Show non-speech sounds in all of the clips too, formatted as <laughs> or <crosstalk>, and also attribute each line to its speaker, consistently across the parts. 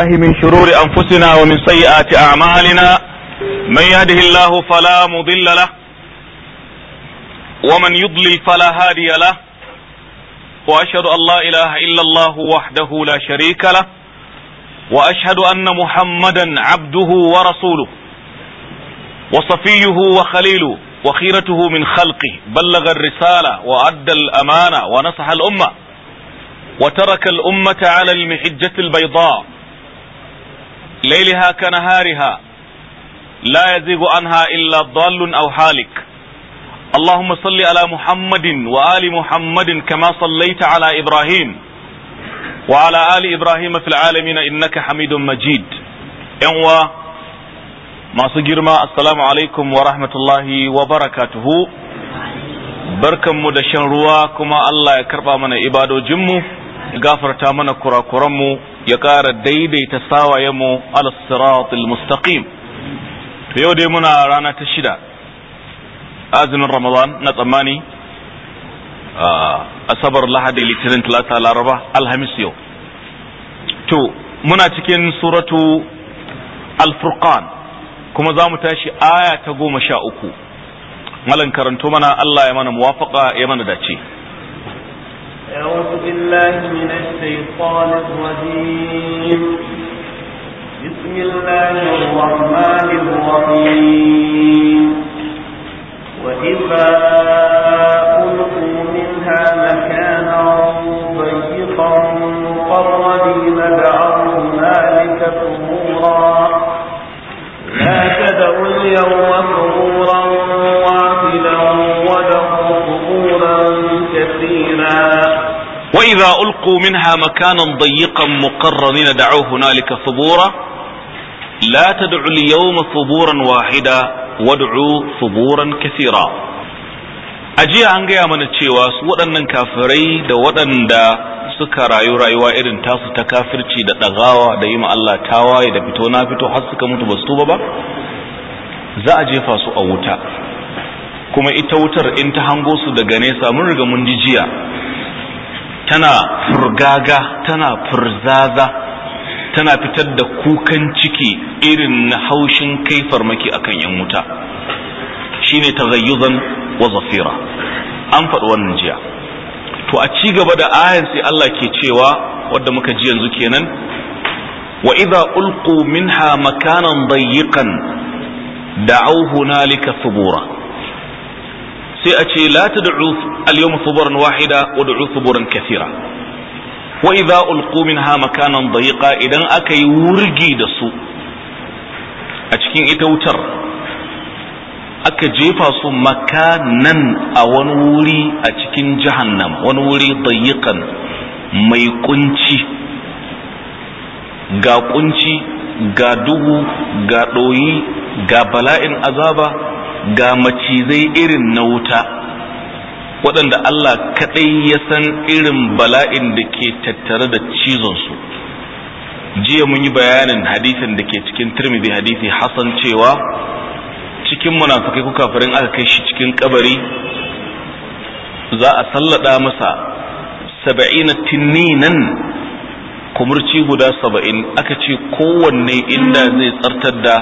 Speaker 1: بالله من شرور أنفسنا ومن سيئات أعمالنا من يهده الله فلا مضل له ومن يضلل فلا هادي له وأشهد أن لا إله إلا الله وحده لا شريك له وأشهد أن محمدا عبده ورسوله وصفيه وخليله وخيرته من خلقه بلغ الرسالة وأدى الأمانة ونصح الأمة وترك الأمة على المحجة البيضاء ليلها كنهارها لا يزيغ عنها إلا ضال أو حالك اللهم صل على محمد وآل محمد كما صليت على إبراهيم وعلى آل إبراهيم في العالمين إنك حميد مجيد ينوى ما صجر ما السلام عليكم ورحمة الله وبركاته barkanmu da shan ruwa kuma Allah ya karba mana ibadojinmu ya gafarta mana kurakuranmu ya ƙara daidaita sawayenmu ala siratul mustaqim to yau dai muna rana ta shida azumin ramadan na tsammani asabar lahadi litinin talata laraba alhamis yau to muna cikin suratu alfurqan kuma za mu tashi aya ta goma sha uku malan karanto mana allah ya mana muwafaqa ya mana dace
Speaker 2: أعوذ بالله من الشيطان الرجيم بسم الله الرحمن الرحيم وإذا ألقوا منها مكانا ضيقا مقربين دعوا هنالك ثبورا لا تدعوا اليوم فإذا
Speaker 1: ألقوا منها مكانا ضيقا مقرنين دعوا هنالك ثبورا لا تدعوا اليوم ثبورا واحدا وادعوا ثبورا كثيرا أجي أن gaya mana cewa su waɗannan kafirai da waɗanda suka rayu rayuwa irin tasu ta kafirci da ɗagawa da yi Allah tawaye da fito na fito har suka mutu ba su tuba ba za a jefa su a wuta kuma ita wutar in ta hango su daga nesa mun riga mun ji jiya tana furgaga tana furzaza tana fitar da kukan ciki irin na haushin kai farmaki akan yan wuta shine taghayyuzan wa zafira an faɗi wannan jiya to a ci gaba da ayan sai Allah ke cewa wadda muka ji yanzu kenan wa idza ulqu minha makanan dayyiqan da'aw hunalika bora. sai a ce la tad'u al yawm thuburan wahida wa du'u thuburan kathira wa idha ulqu minha makanan dayiqa idan aka yi wurgi da su a cikin ita wutar aka jefa su makanan a wani wuri a cikin jahannam wani wuri dayiqan mai kunci ga kunci ga duhu ga doyi ga bala'in azaba ga macizai irin na wuta waɗanda Allah kaɗai ya san irin bala'in da ke tattare da cizonsu jiya mun yi bayanin hadisin da ke cikin turmizi hadisi hassan cewa cikin munafukai ko kafirin aka kai shi cikin kabari za a sallada masa saba'ina tinninan kumurci guda saba'in aka ce kowanne inda zai tsartar da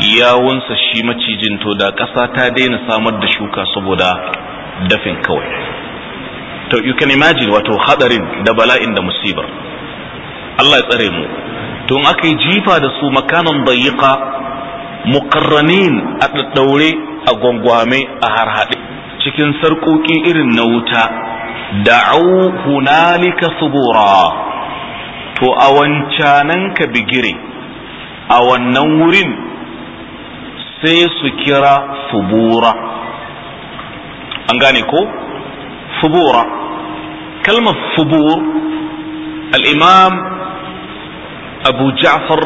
Speaker 1: yawunsa shi macijin to da ƙasa ta daina samar da shuka saboda dafin kawai to you can imagine wato hadarin da bala'in da musiba. Allah ya tsare mu Tun in aka yi jifa da su makanan dayyika muqarranin a daddaure a gwangwame a harhaɗe cikin sarƙoƙi irin na wuta da'au hunalika subura to a wancanan ka bigire a wannan wurin sai su kira subura an gane ko subura kalmar subur al-imam abu ja'far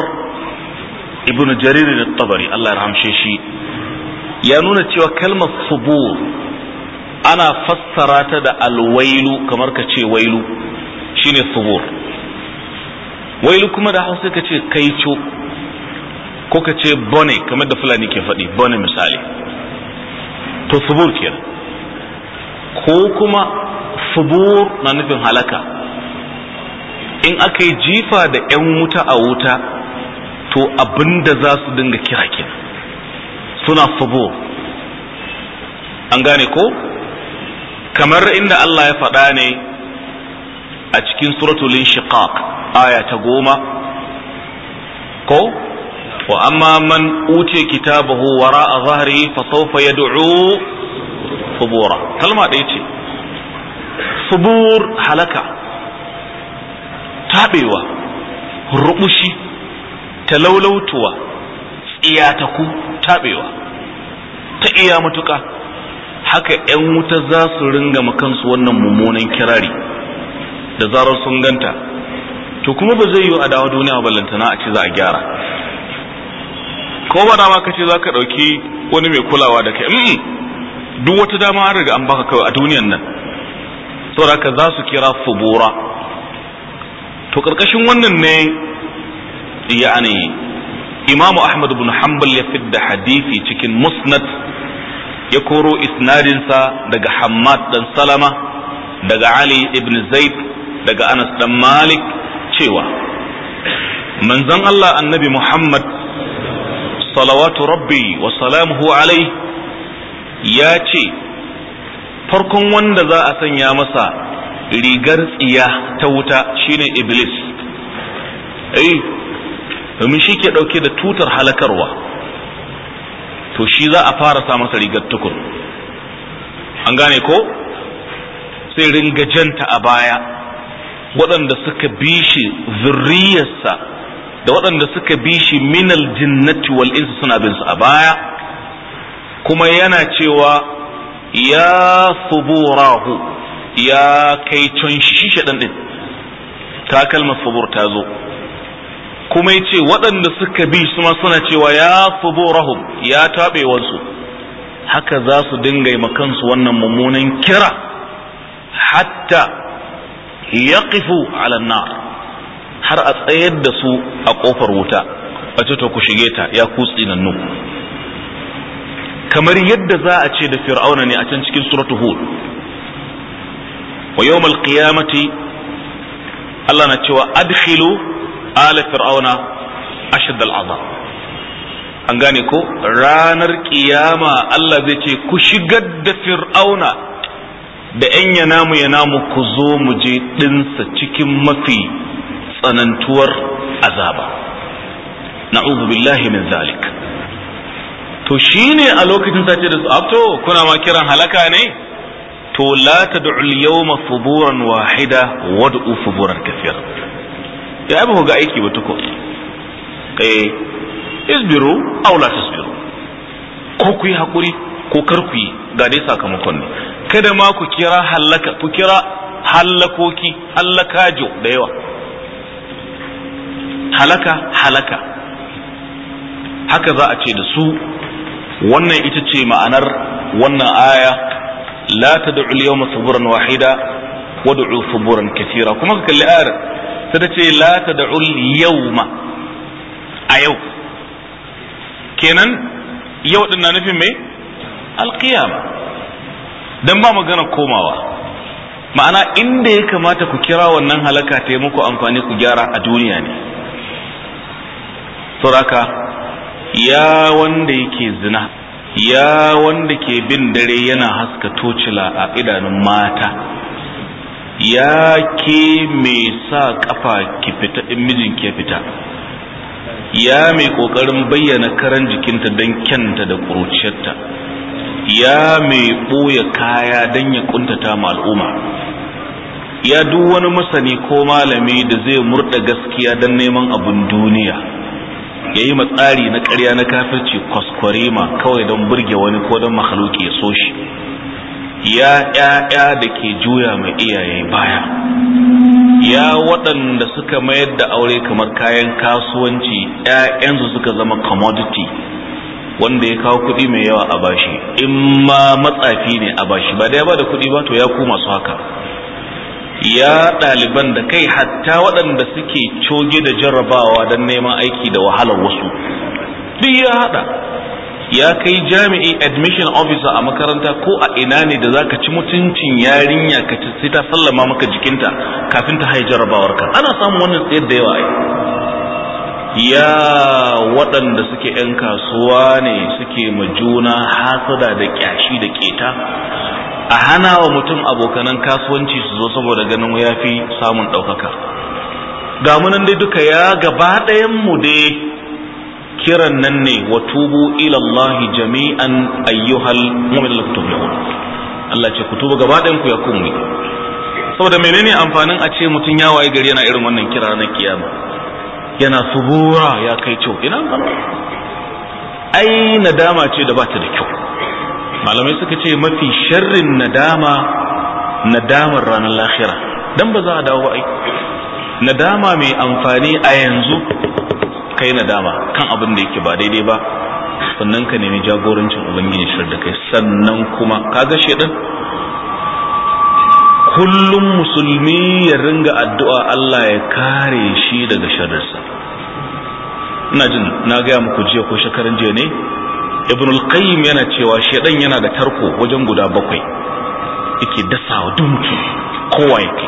Speaker 1: ibn jarir tabari Allah ya shi ya nuna cewa kalmar subur ana fassara ta da alwailu kamar ka ce wailu shine subur wailu kuma da hausa ka ce kaico ko ka ce bone kamar da fulani ke faɗi bone misali to subur ke. ko kuma subur na nufin halaka in aka yi jifa da 'yan wuta a wuta to abinda za su dinga kira ke suna subur an gane ko kamar inda Allah ya faɗa ne a cikin suratul inshiqaq aya ta goma ko وأما من أوتي كتابه وراء ظهره فسوف يدعو ثبورا كلمة ديتي ثبور هلكة تابيوة رؤوشي تلولوتوة tsiyataku taɓewa ta iya matuƙa haka 'yan wuta za su ringa makansu wannan mummunan kirari da zarar sun ganta to kuma ba zai yi a dawo duniya lantana a ce za a gyara ko ba dama kace za ka ɗauki wani mai kulawa da kai duk wata dama an riga an baka kawai a duniyan nan saboda haka za su kira fubura to karkashin wannan ne yani imam ahmad ibn hanbal ya fidda hadisi cikin musnad ya koro isnadinsa daga hammad dan salama daga ali ibn zaid daga anas dan malik cewa manzon allah annabi muhammad salawatu rabbi wa salamuhu alai ya ce farkon wanda za a sanya masa rigar tsiya ta wuta shine iblis eh domin shi ke ɗauke da tutar halakarwa to shi za a fara sa masa rigar tukun an gane ko sai ringa janta a baya waɗanda suka bi shi zurriyarsa da waɗanda suka bi shi minal jinnati wal insu suna bin su a baya kuma yana cewa ya suburahu ya kai can shi shaɗan ɗin ta kalmar subur ta zo kuma ya ce waɗanda suka bi su ma suna cewa ya suburahum ya taɓewarsu haka za su dinga makansu wannan mummunan kira hatta yaqifu ala nar har a tsayar da su a kofar wuta a ce to ku shige ta ya nan tsinannu kamar yadda za a ce da fir'auna ne a can cikin suratu hud wa yawmal qiyamati Allah na cewa adkhilu ala fir'auna ashad azab an gane ko ranar kiyama Allah zai ce ku shigar da fir'auna da yan yanamu yanamu ku zo mu je ɗinsa cikin mafi tsanantuwar azaba na'udhu billahi min zalik to shine a lokacin sace da su kuna ma kiran halaka ne to la tad'u al-yawma thuburan wahida wad'u thuburan kathira ya abu ga aiki ba tuko eh isbiru aw la tasbiru ko ku yi hakuri ko kar ku yi ga dai sakamakon ne kada ma ku kira halaka ku kira hallakoki hallakajo da yawa halaka halaka haka za a ce da su wannan ita ce ma'anar wannan aya la tad'u al-yawma suburan wahida wad'u suburan kathira kuma ka kalli ayar sai ta ce la tad'u al-yawma a yau kenan yau dinna nufin me al-qiyama dan ba magana komawa ma'ana inda ya kamata ku kira wannan halaka ta yi muku amfani ku gyara a duniya ne Suraka ya wanda yake zina ya wanda ke bin dare yana haska tocila a idanun mata ya ke mai sa kafa ki fita in mijin ke fita ya mai kokarin bayyana karan jikinta don kyanta da ƙuruciyarta ya mai ɓoye kaya don ya kuntata ma al'umma ya duk wani masani ko malami da zai murda gaskiya don neman abin duniya ya yi matsari na ƙarya na kafirci ma kawai don burge wani ko don mahaluki ya so shi ya ‘ya'ya da ke juya mai iyaye baya ya waɗanda suka mayar da aure kamar kayan kasuwanci ‘ya'yansu suka zama commodity wanda ya kawo kuɗi mai yawa a bashi in ma matsafi ne a bashi ba da ya bada kuɗi ba to ya koma su haka ya ɗaliban da kai hatta waɗanda suke coge da jarrabawa don neman aiki da wahalar wasu duk ya haɗa ya kai jami'i admission officer a makaranta ko a ina ne da zaka ci mutuncin yarinya ka ci sai ta sallama maka jikinta kafin ta haye jarrabawarka ana samun wannan tsayar da yawa ai ya waɗanda suke 'yan kasuwa ne suke majuna hasada da ƙyashi da keta a hana wa mutum abokanan kasuwanci su zo saboda ganin ya fi samun ɗaukaka ga munan dai duka ya gaba mu dai kiran nan ne wa tubu ilallahi jami'an ayyuhal mu'min Allah ce ku tuba gaba ɗayan ku ya kunmi saboda menene amfanin a ce mutum ya waye gari yana irin wannan kira na kiyama yana subura ya kai kyau ina ai nadama ce da ba ta da kyau malamai suka ce mafi sharrin nadama nadamar ranar lahira dan ba za a dawo ai nadama mai amfani a yanzu kai nadama kan abin da yake ba daidai ba sannan ka nemi jagorancin ubangiji shir da kai sannan kuma kaga shedan kullum musulmi ya ringa addu'a Allah ya kare shi daga sharrinsa ina jin na gaya muku jiya ko shekaran jiya ne ibn al-qayyim yana cewa shedan yana da tarko wajen guda bakwai yake dasawa dunki kowa yake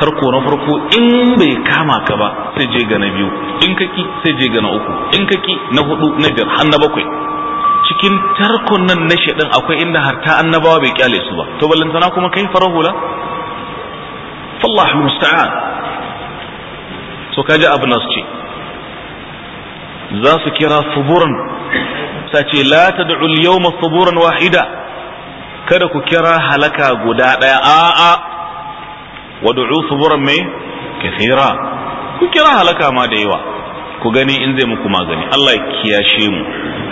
Speaker 1: tarko na farko in bai kama ka ba sai je ga na biyu in kaki sai je ga na uku in kaki na hudu na biyar har na bakwai cikin tarkon nan na shedan akwai inda har ta annabawa bai kyale su ba to ballantana kuma kai farahula fallahu musta'an so kaji abin nasu ce za su kira suburan sace la tad'u al-yawma suburan wahida kada ku kira halaka guda daya a'a wad'u suburan mai kathira ku kira halaka ma da yawa ku gani in zai muku magani Allah ya kiyashe mu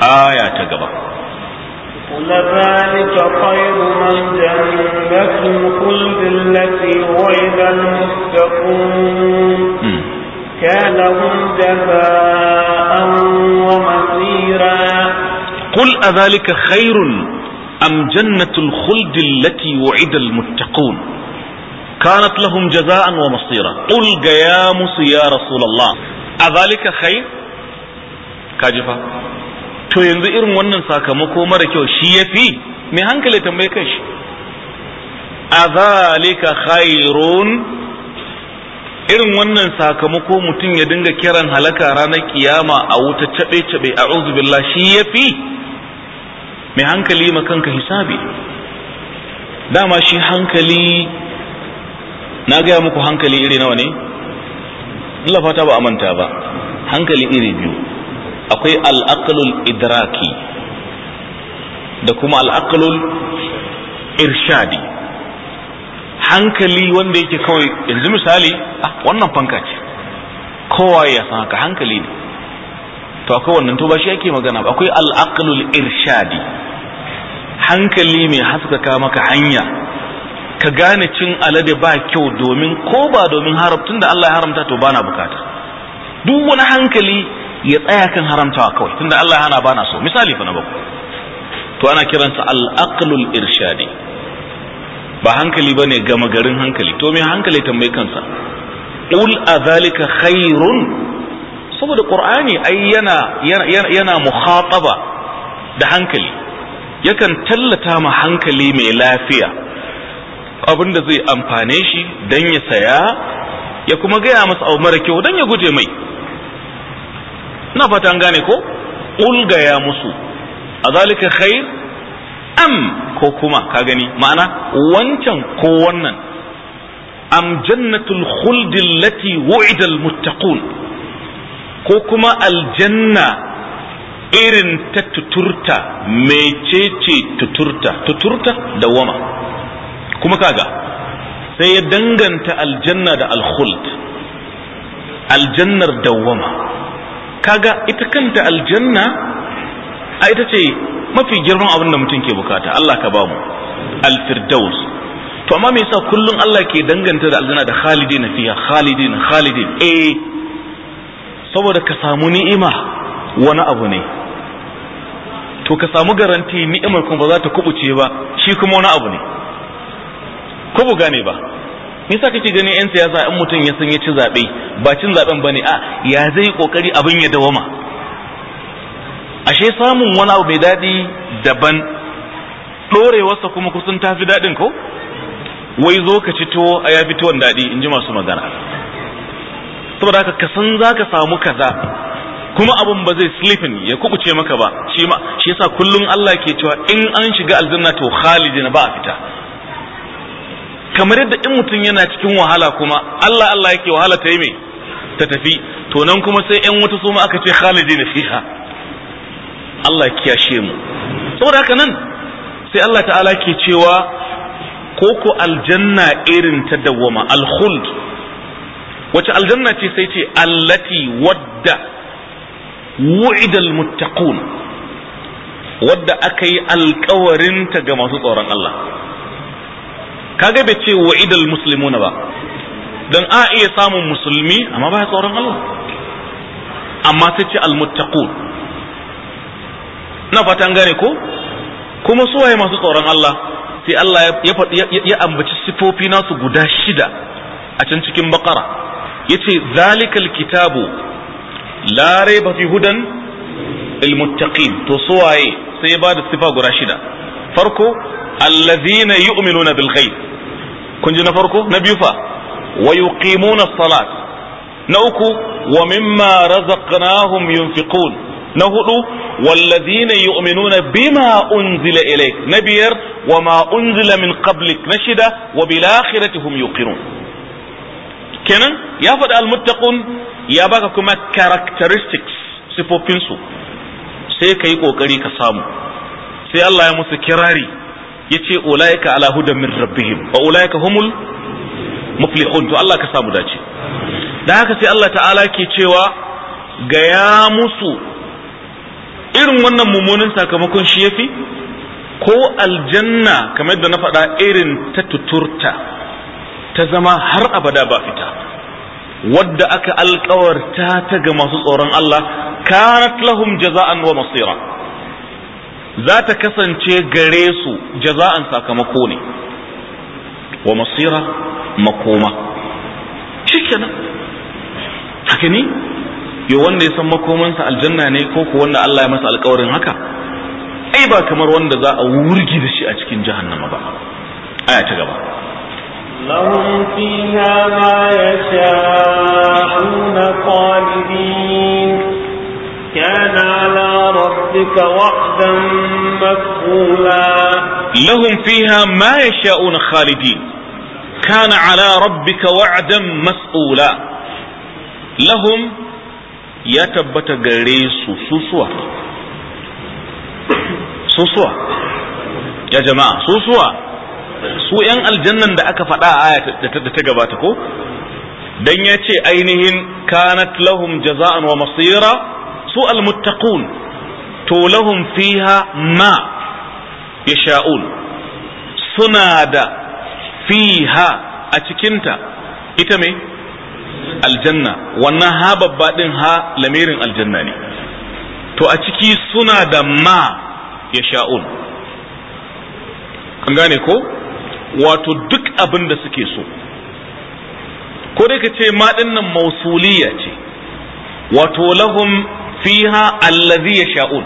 Speaker 1: aya ta gaba
Speaker 2: ولذلك خير من جنة قل بالتي وإذا المتقون hmm. لهم جفاء ومصيرا
Speaker 1: قل أذلك خير أم جنة الخلد التي وعد المتقون كانت لهم جزاء ومصيرا قل قيامس يا رسول الله أذلك خير كاجفا to yanzu irin wannan sakamako mara kyau shi ya fi mai hankali tambaye shi a zalika khairun irin wannan sakamako mutum ya dinga kiran halaka ranar kiyama a wuta cabe cabe a billah shi ya fi mai hankali ma kanka hisabi dama shi hankali na gaya muku hankali iri nawa ne Allah fata ba a manta ba hankali iri biyu akwai al'aqlul idraki da kuma al'aqlul irshadi hankali wanda yake kawai yanzu misali ah wannan fanka ce kowa ya san haka hankali ne to akwai wannan to ba shi yake magana ba akwai al-aqlul irshadi hankali mai haskaka maka hanya ka gane cin alade ba kyau domin ko ba domin haram da Allah ya haramta to bana bukata duk wani hankali ya tsaya kan haramtawa kawai tunda Allah ya hana bana so misali fa na bako to ana kiransa al-aqlul irshadi ba hankali ba ne, gama garin hankali to me hankali tambayi kansa qul zalika khairun saboda qur'ani ai yana yana yana mukhataba da hankali yakan tallata ma hankali mai lafiya abin da zai amfane shi dan ya saya ya kuma gaya masa abu mara kyau dan ya guje mai na fatan gane ko qul gaya musu a zalika khair am ko kuma ka gani ma'ana wancan ko wannan am jannatul khuldi allati wu'ida almuttaqun ko kuma aljanna irin ta tuturta mecece tuturta tuturta da wama kuma kaga sai ya danganta aljanna da alkhuld aljannar dawwama kaga ita kanta aljanna a ita ce mafi girman abin da mutum ke bukata Allah ka bamu al-firdaus to amma me yasa kullun Allah ke danganta da aljanna da khalidin fiha khalidin khalidin eh saboda ka samu ni'ima wani abu ne to ka samu garanti ni'imar kuma ba za ta kubuce ba shi kuma wani abu ne ko bu gane ba me yasa kake gani yan siyasa in mutum ya san ya ci zabe ba cin zaben bane a ya zai kokari abin ya dawama ashe samun wani abu mai daɗi daban ɗorewarsa kuma kusan ta fi daɗin ko wai zo ka ci tuwo a ya fi daɗi in ji masu magana saboda haka ka san za ka samu kaza kuma abun ba zai sleeping ya kubuce maka ba shi ma shi yasa kullum Allah ke cewa in an shiga aljanna to khalidin ba a fita kamar yadda in mutum yana cikin wahala kuma Allah Allah yake wahala ta yi mai ta tafi to nan kuma sai yan wata su aka ce khalidin fiha Allah ya kiyashe mu saboda haka nan sai Allah ta'ala ke cewa koko aljanna irin ta dawwama al-khuld wace aljanna ce sai ce allati wadda wu'idal muttaqun wadda aka yi alkawarinta ga masu tsoron Allah kaga bai ce wa'idal muslimuna ba dan a iya samun musulmi amma ba tsoron Allah amma sai ce almuttaqun na fatan gane ko kuma suwaye masu tsoron Allah sai Allah ya ambaci sifofi nasu guda shida a can cikin bakara yace zalikal kitabu la raiba fi hudan lilmuttaqin to suwaye sai ya bada sifa guda shida farko allazina yu'minuna bil ghaib kun ji na farko na biyu fa wa yuqimuna salat na uku wa mimma razaqnahum yunfiqun na hudu wallazina yu'minuna bima unzila ilayk na biyar wa ma unzila min qablik na shida wa bil akhirati yuqinun kenan ya faɗi almuttaqun ya baka kuma characteristics sifofin su sai kai kokari ka samu sai Allah ya musu kirari yace ulaika ala hudan min rabbihim wa ulaika humul muflihun to Allah ka samu dace da haka sai Allah ta'ala ke cewa gaya musu irin wannan mummunan sakamakon shi yafi ko aljanna kamar yadda na faɗa irin ta tuturta ta zama har abada ba fita wadda aka alkawarta ta ga masu tsoron Allah kanat lahum jaza'an wa masira za ta kasance gare su jaza'an sakamako ne wa masira makoma shikenan haka ne yo wanda ya san makomansa aljanna ne ko ko wanda Allah ya masa alƙawarin haka ai ba kamar wanda za a wurgi da shi a cikin jahannama ba aya ta gaba
Speaker 2: lahum fiha ma yasha'una qalidin kana ala rabbika wa'dan maf'ula lahum
Speaker 1: fiha ma yasha'una khalidin kana ala rabbika wa'dan mas'ula lahum ya tabbata gare su susuwa susuwa ya jama'a susuwa su ‘yan aljannan da aka faɗa a aya da ta gabata ko dan ya ce ainihin kanat lahum jaza'an wa masira su almuttaqun to lahum fiha ma yasha'un suna da fiha a cikinta ita mai aljanna wannan ha babba din ha lamirin aljanna ne to a ciki suna da ma ya sha'un an gane ko wato duk abin da suke so ko dai ka ce ma din nan mausuliya ce wato lahum fiha allazi ya sha'un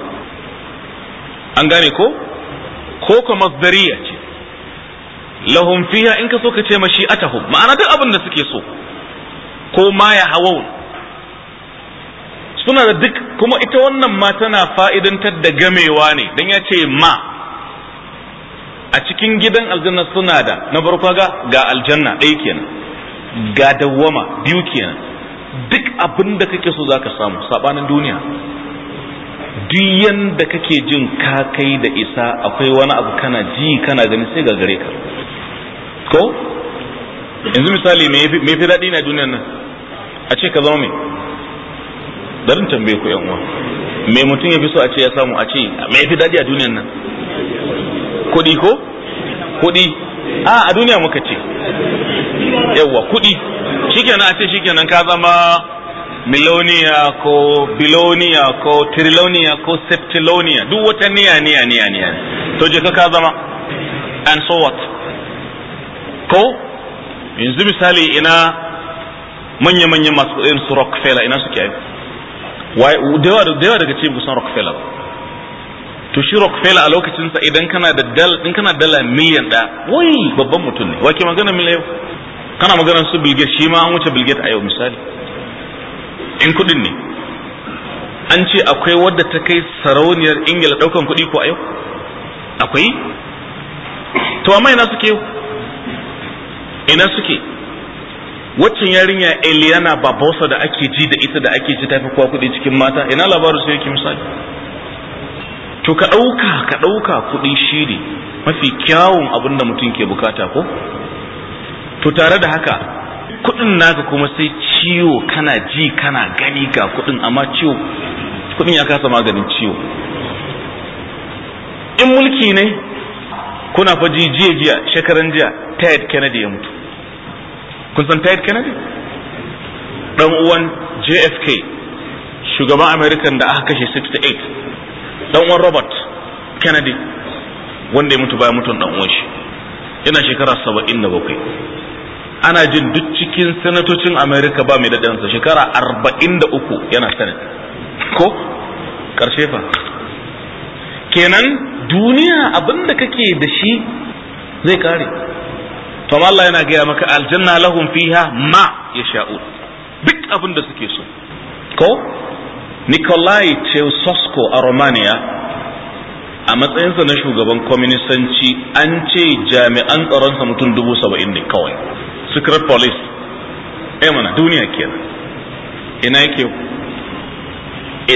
Speaker 1: an gane ko ko kuma mazdariya ce lahum fiha in ka so ka ce mashi atahum ma'ana duk abin da suke so ko ma ya hawau suna da duk kuma ita wannan ma tana fa'idantar da gamewa ne don ya ce ma a cikin gidan aljanna suna da na farko ga ga aljanna ɗaya kenan ga dawwama biyu kenan duk abin da kake so zaka samu sabanin duniya duk yanda kake jin ka kai da isa akwai wani abu kana ji kana gani sai ga gare ka ko yanzu misali me fi daɗi na duniyan nan a ce ka zama mai darin tambaye ku yan uwa me mutum ya fi so a ce ya samu a ce me ya fi daɗi a duniyan nan kuɗi ko kuɗi a a duniya muka ce yawa kuɗi shikenan a ce shikenan ka zama miloniya ko biloniya ko triloniya ko septiloniya duk wata niya niya niya niya to je ka zama and so what ko yanzu misali ina manya-manyan masu irin su rockefeller ina suke aiki da yawa daga cikin kusan rockefeller to shi rockefeller a lokacinsa idan kana da dala in kana dala miliyan d'a wai babban mutum ne wake magana miliyan kana magana su bilge shi ma an wuce bilge a yau misali in kuɗin ne an ce akwai wadda ta kai sarauniyar ingila ɗaukan kuɗi ko a yau akwai to amma ina suke ina suke waccan yarinya Eliana Barbosa da ake ji da ita da ake ji tafi kuwa kuɗi cikin mata ina labarin su yake misali to ka ɗauka ka ɗauka kuɗi shi ne mafi kyawun abin da mutum ke bukata ko to tare da haka kuɗin naka kuma sai ciwo kana ji kana gani ga kuɗin amma ciwo kuɗin ya kasa maganin ciwo in mulki ne kuna fa jiya jiya shekaran jiya ted kennedy ya mutu kun san Ted Kennedy dan uwan JFK shugaban American da aka kashe 68 dan uwan Robert Kennedy wanda ya mutu bayan mutum dan uwan shi yana shekara 77 ana jin duk cikin sanatocin amerika ba mai daɗinsa shekara arba'in da uku yana sanat ko ƙarshe fa kenan duniya abinda kake da shi zai kare sama Allah yana gaya maka aljanna lahum fiha ma yasha'un duk abin da suke so ko Nikolai Ceausescu a Romania a matsayinsa na shugaban kwaminisanci an ce jami'an tsaronsa mutum dubu saba'in ne kawai secret police eh mana duniya kenan ina yake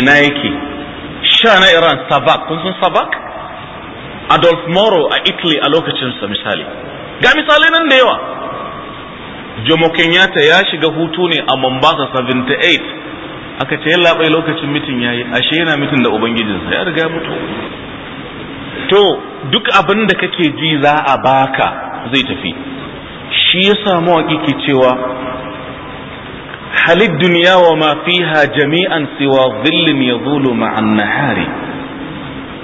Speaker 1: ina yake sha na Iran sabak kun san sabak Adolf Moro a Italy a lokacinsa misali ga misalai nan da yawa jomo kenyatta ya shiga hutu ne a mombasa 78 aka ce yalla bai lokacin mitin yayi ashe yana mitin da ubangijinsa ya riga mutu to duk abin da kake ji za a baka zai tafi shi ya samu ke cewa halid duniya wa ma fiha jami'an siwa dhillin yadhulu ma'an nahari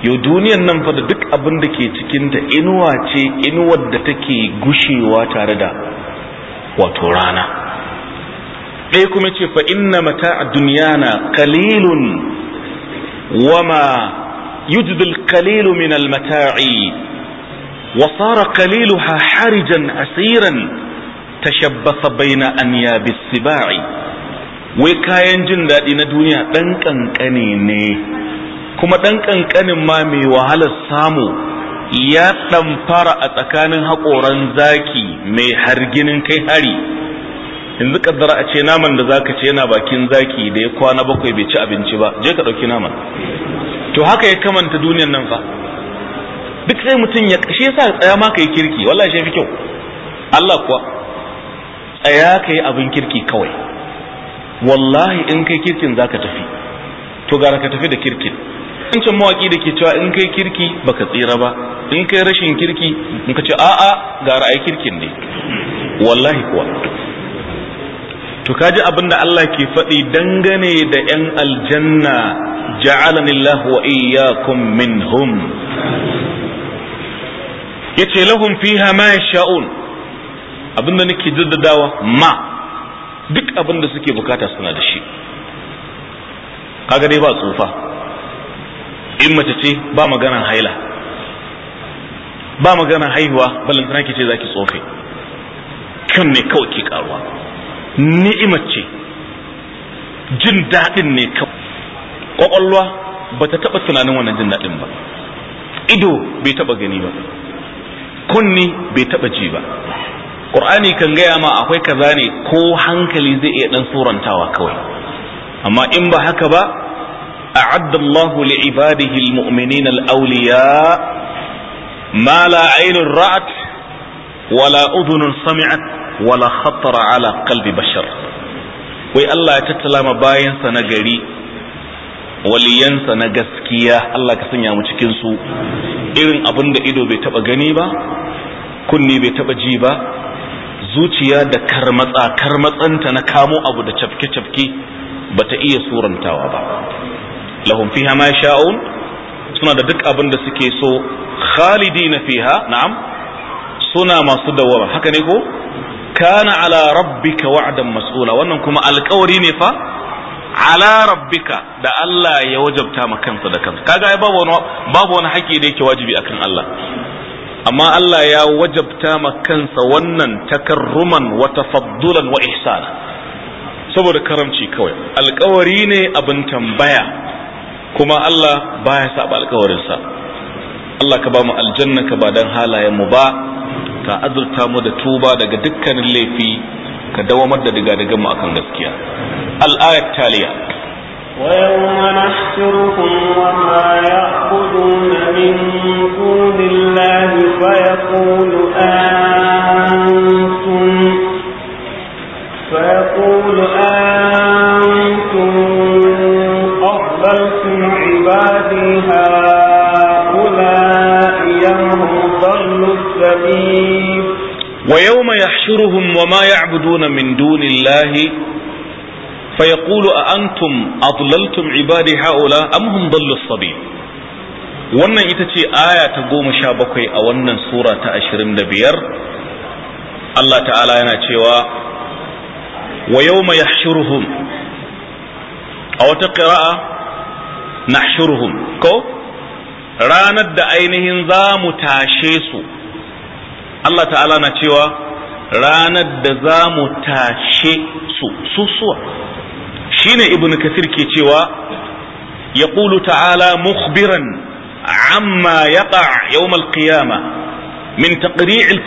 Speaker 1: yau duniyan nan fa da duk abin da ke cikinta inuwa ce inuwar da take gushewa tare da wato rana ɗaya kuma ce fa inna mata a duniyana kalilun wama yujzil kalilu min almata'i wa sara kaliluha harijan asiran tashabbasa baina anyabi sibai wai kayan jin daɗi na duniya ɗan ƙanƙane ne kuma ɗan ƙanƙanin ma mai wahalar samu ya fara a tsakanin haƙoran zaki mai harginin kai hari yanzu kaddara a ce naman da zaka ce yana bakin zaki da ya kwana bakwai bai ci abinci ba je ka ɗauki naman to haka ya kamanta duniyan nan fa duk sai mutum ya shi yasa tsaya ma kai kirki wallahi shi fi kyau Allah kuwa tsaya kai abin kirki kawai wallahi in kai kirkin zaka tafi to gara ka tafi da kirkin wancan mawaki da ke cewa in kai kirki baka tsira ba in kai rashin kirki in ka ce a'a ga ra'ayi kirkin ne wallahi kuwa to kaji abin da Allah ke faɗi dangane da 'yan aljanna ja'alani Allah wa iyyakum minhum yace lahum fiha ma yasha'un abinda nake jaddadawa ma duk abinda suke bukata suna da shi kaga dai ba tsufa in mace ce ba maganan haila ba maganan haihuwa balantana ki ce zaki tsofe kan ne kawai ke karuwa ni'imar ce jin daɗin ne kawai ƙwaƙwalwa ba ta taɓa tunanin wannan jin daɗin ba ido bai taɓa gani ba kunni bai taɓa ji ba ƙur'ani kan gaya ma akwai kaza ne ko hankali zai iya ɗan surantawa kawai amma in ba haka ba أعد الله لعباده المؤمنين الأولياء ما لا عين رأت ولا أذن سمعت ولا خطر على قلب بشر wai Allah ya tattala ma bayansa na gari waliyansa na gaskiya Allah ka sanya mu cikin su irin abin da ido bai taba gani ba kunne bai taba ji ba zuciya da karmatsa karmatsanta na kamo abu da cafke-cafke bata iya surantawa ba lahum fiha ma sha'un suna da duk abin da suke so khalidina fiha na'am suna masu dawama haka ne ko kana ala rabbika wa'dan mas'ula wannan kuma alƙawari ne fa ala rabbika da Allah ya wajabta ma kansa da kansa kaga ai babu wani babu wani haƙi da yake wajibi akan Allah amma Allah ya wajabta ma kansa wannan takarruman wa tafaddulan wa ihsana saboda karamci kawai alkawari ne abin tambaya kuma Allah baya saba alkawarinsa Allah ka ba mu aljanna ka ba dan halayen mu ba ka azurta mu da tuba daga dukkanin laifi ka dawamar da diga daga mu akan gaskiya al-ayat taliya
Speaker 2: ويوم نحشركم وما يعبدون من دون الله فيقول
Speaker 1: الله فيقول أأنتم أضللتم عبادي هؤلاء أم هم ضلوا wannan ita ce aya ta goma sha bakwai a wannan sura ta ashirin da biyar Allah ta'ala yana cewa wa a wata ƙira'a nahshuruhum ko ranar da ainihin za mu tashe su Allah ta'ala na cewa ranar da za mu tashe su susuwa shine ibnu kasir ke cewa yaqulu ta'ala mukhbiran amma ya yawm al min taqri' al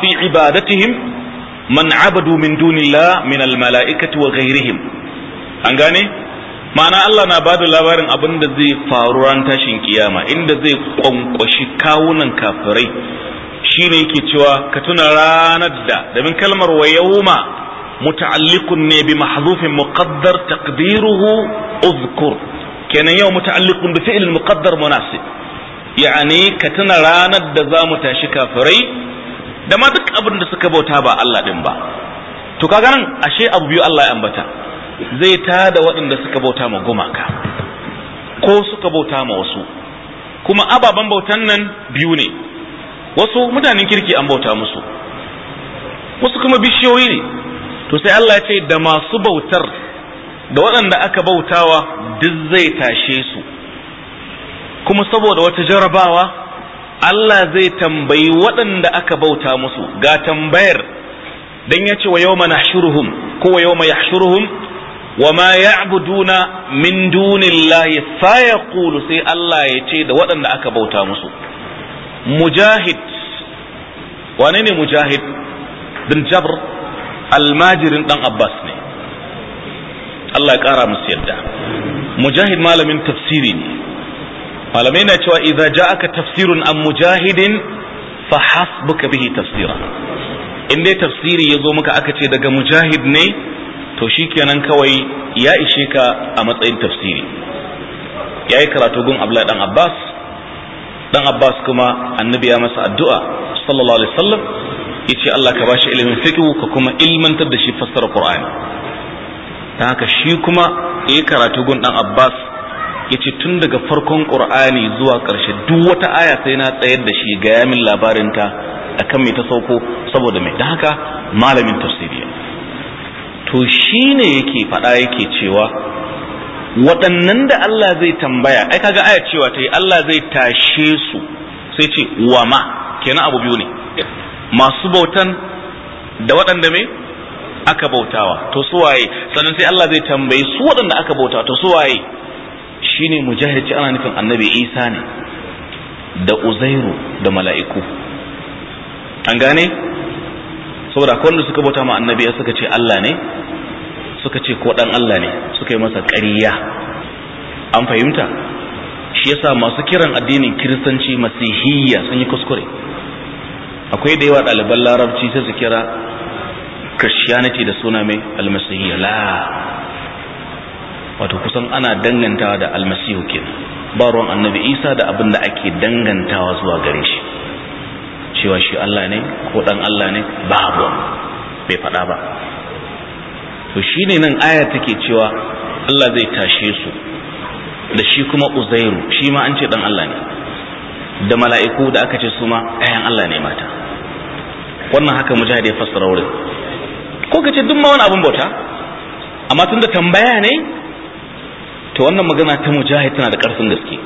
Speaker 1: fi ibadatihim man abadu min dunillah min al-mala'ikati wa ghayrihim an gane ma'ana Allah na bada labarin abin da zai faru ran tashin kiyama inda zai kwankwashi kawunan kafirai ne yake cewa ka tuna ranar da domin kalmar wa yawma muta'alliqun ne bi mahzufin muqaddar taqdiruhu uzkur kenan yau muta'alliqun bi fi'l muqaddar munasib yani ka tuna ranar da za mu tashi kafirai da ma duk abin da suka bauta ba Allah din ba to kaga nan ashe abu biyu Allah ya ambata zai tada waɗanda suka bauta ma gumaka ko suka bauta ma wasu kuma ababen bautan nan biyu ne wasu mutanen kirki an bauta musu wasu kuma bishiyoyi ne to sai Allah ya ce da masu bautar da waɗanda aka bautawa duk zai tashe su kuma saboda wata jarabawa Allah zai tambayi waɗanda aka bauta musu ga tambayar dan ya ce wa yawma nahshuruhum ko wa yawma yahshuruhum wa ma ya'buduna min dunillahi fa yaqulu sai Allah ya ce da waɗanda aka bauta musu mujahid wane ne mujahid bin jabr almajirin dan abbas ne Allah ya kara musu yadda mujahid malamin tafsiri ne malamai na cewa idza ja'aka tafsirun an mujahidin fa hasbuka bihi tafsira in dai tafsiri ya zo maka aka ce daga mujahid ne to shikenan kawai ya ishe ka a matsayin tafsiri yayi karatu gun Abdullahi dan Abbas dan Abbas kuma annabi ya masa addu'a sallallahu alaihi wasallam yace Allah ka bashi ilimin fiqh ka kuma ilmantar da shi fassara Qur'ani dan haka shi kuma yayi karatu gun dan Abbas yace tun daga farkon Qur'ani zuwa karshe duk wata aya sai na tsayar da shi ga yamin labarin ta akan me ta sauko saboda me dan haka malamin tafsiri to shine yake faɗa yake cewa waɗannan da Allah zai tambaya ai kaga aya cewa ta yi Allah zai tashe su sai ce wa ma kenan abu biyu ne masu bautan da waɗanda me aka bautawa to su waye sannan sai Allah zai tambayi su waɗanda aka bautawa to su waye shine mujahid ana nufin annabi Isa ne da Uzairu da mala'iku an gane saboda akwai suka bauta ma annabi ya suka ce Allah ne suka ce ko dan Allah ne suka yi masa ƙarya an fahimta shi yasa masu kiran addinin kiristanci masihiyya sun yi kuskure akwai da yawa ɗaliban larabci sai su kira christianity da suna mai almasihiyya la wato kusan ana dangantawa da almasihu kenan ba ruwan annabi isa da abin da ake dangantawa zuwa gare shi cewa shi Allah ne ko dan Allah ne babu bai faɗa ba to shi ne nan aya take cewa Allah zai tashe su da shi kuma uzairu shi ma an ce dan Allah ne da mala'iku da aka ce su ma ayan Allah ne mata wannan haka mujahid ya fassara wurin ko kace duk ma wani abun bauta amma da tambaya ne to wannan magana ta mujahid tana da karfin gaske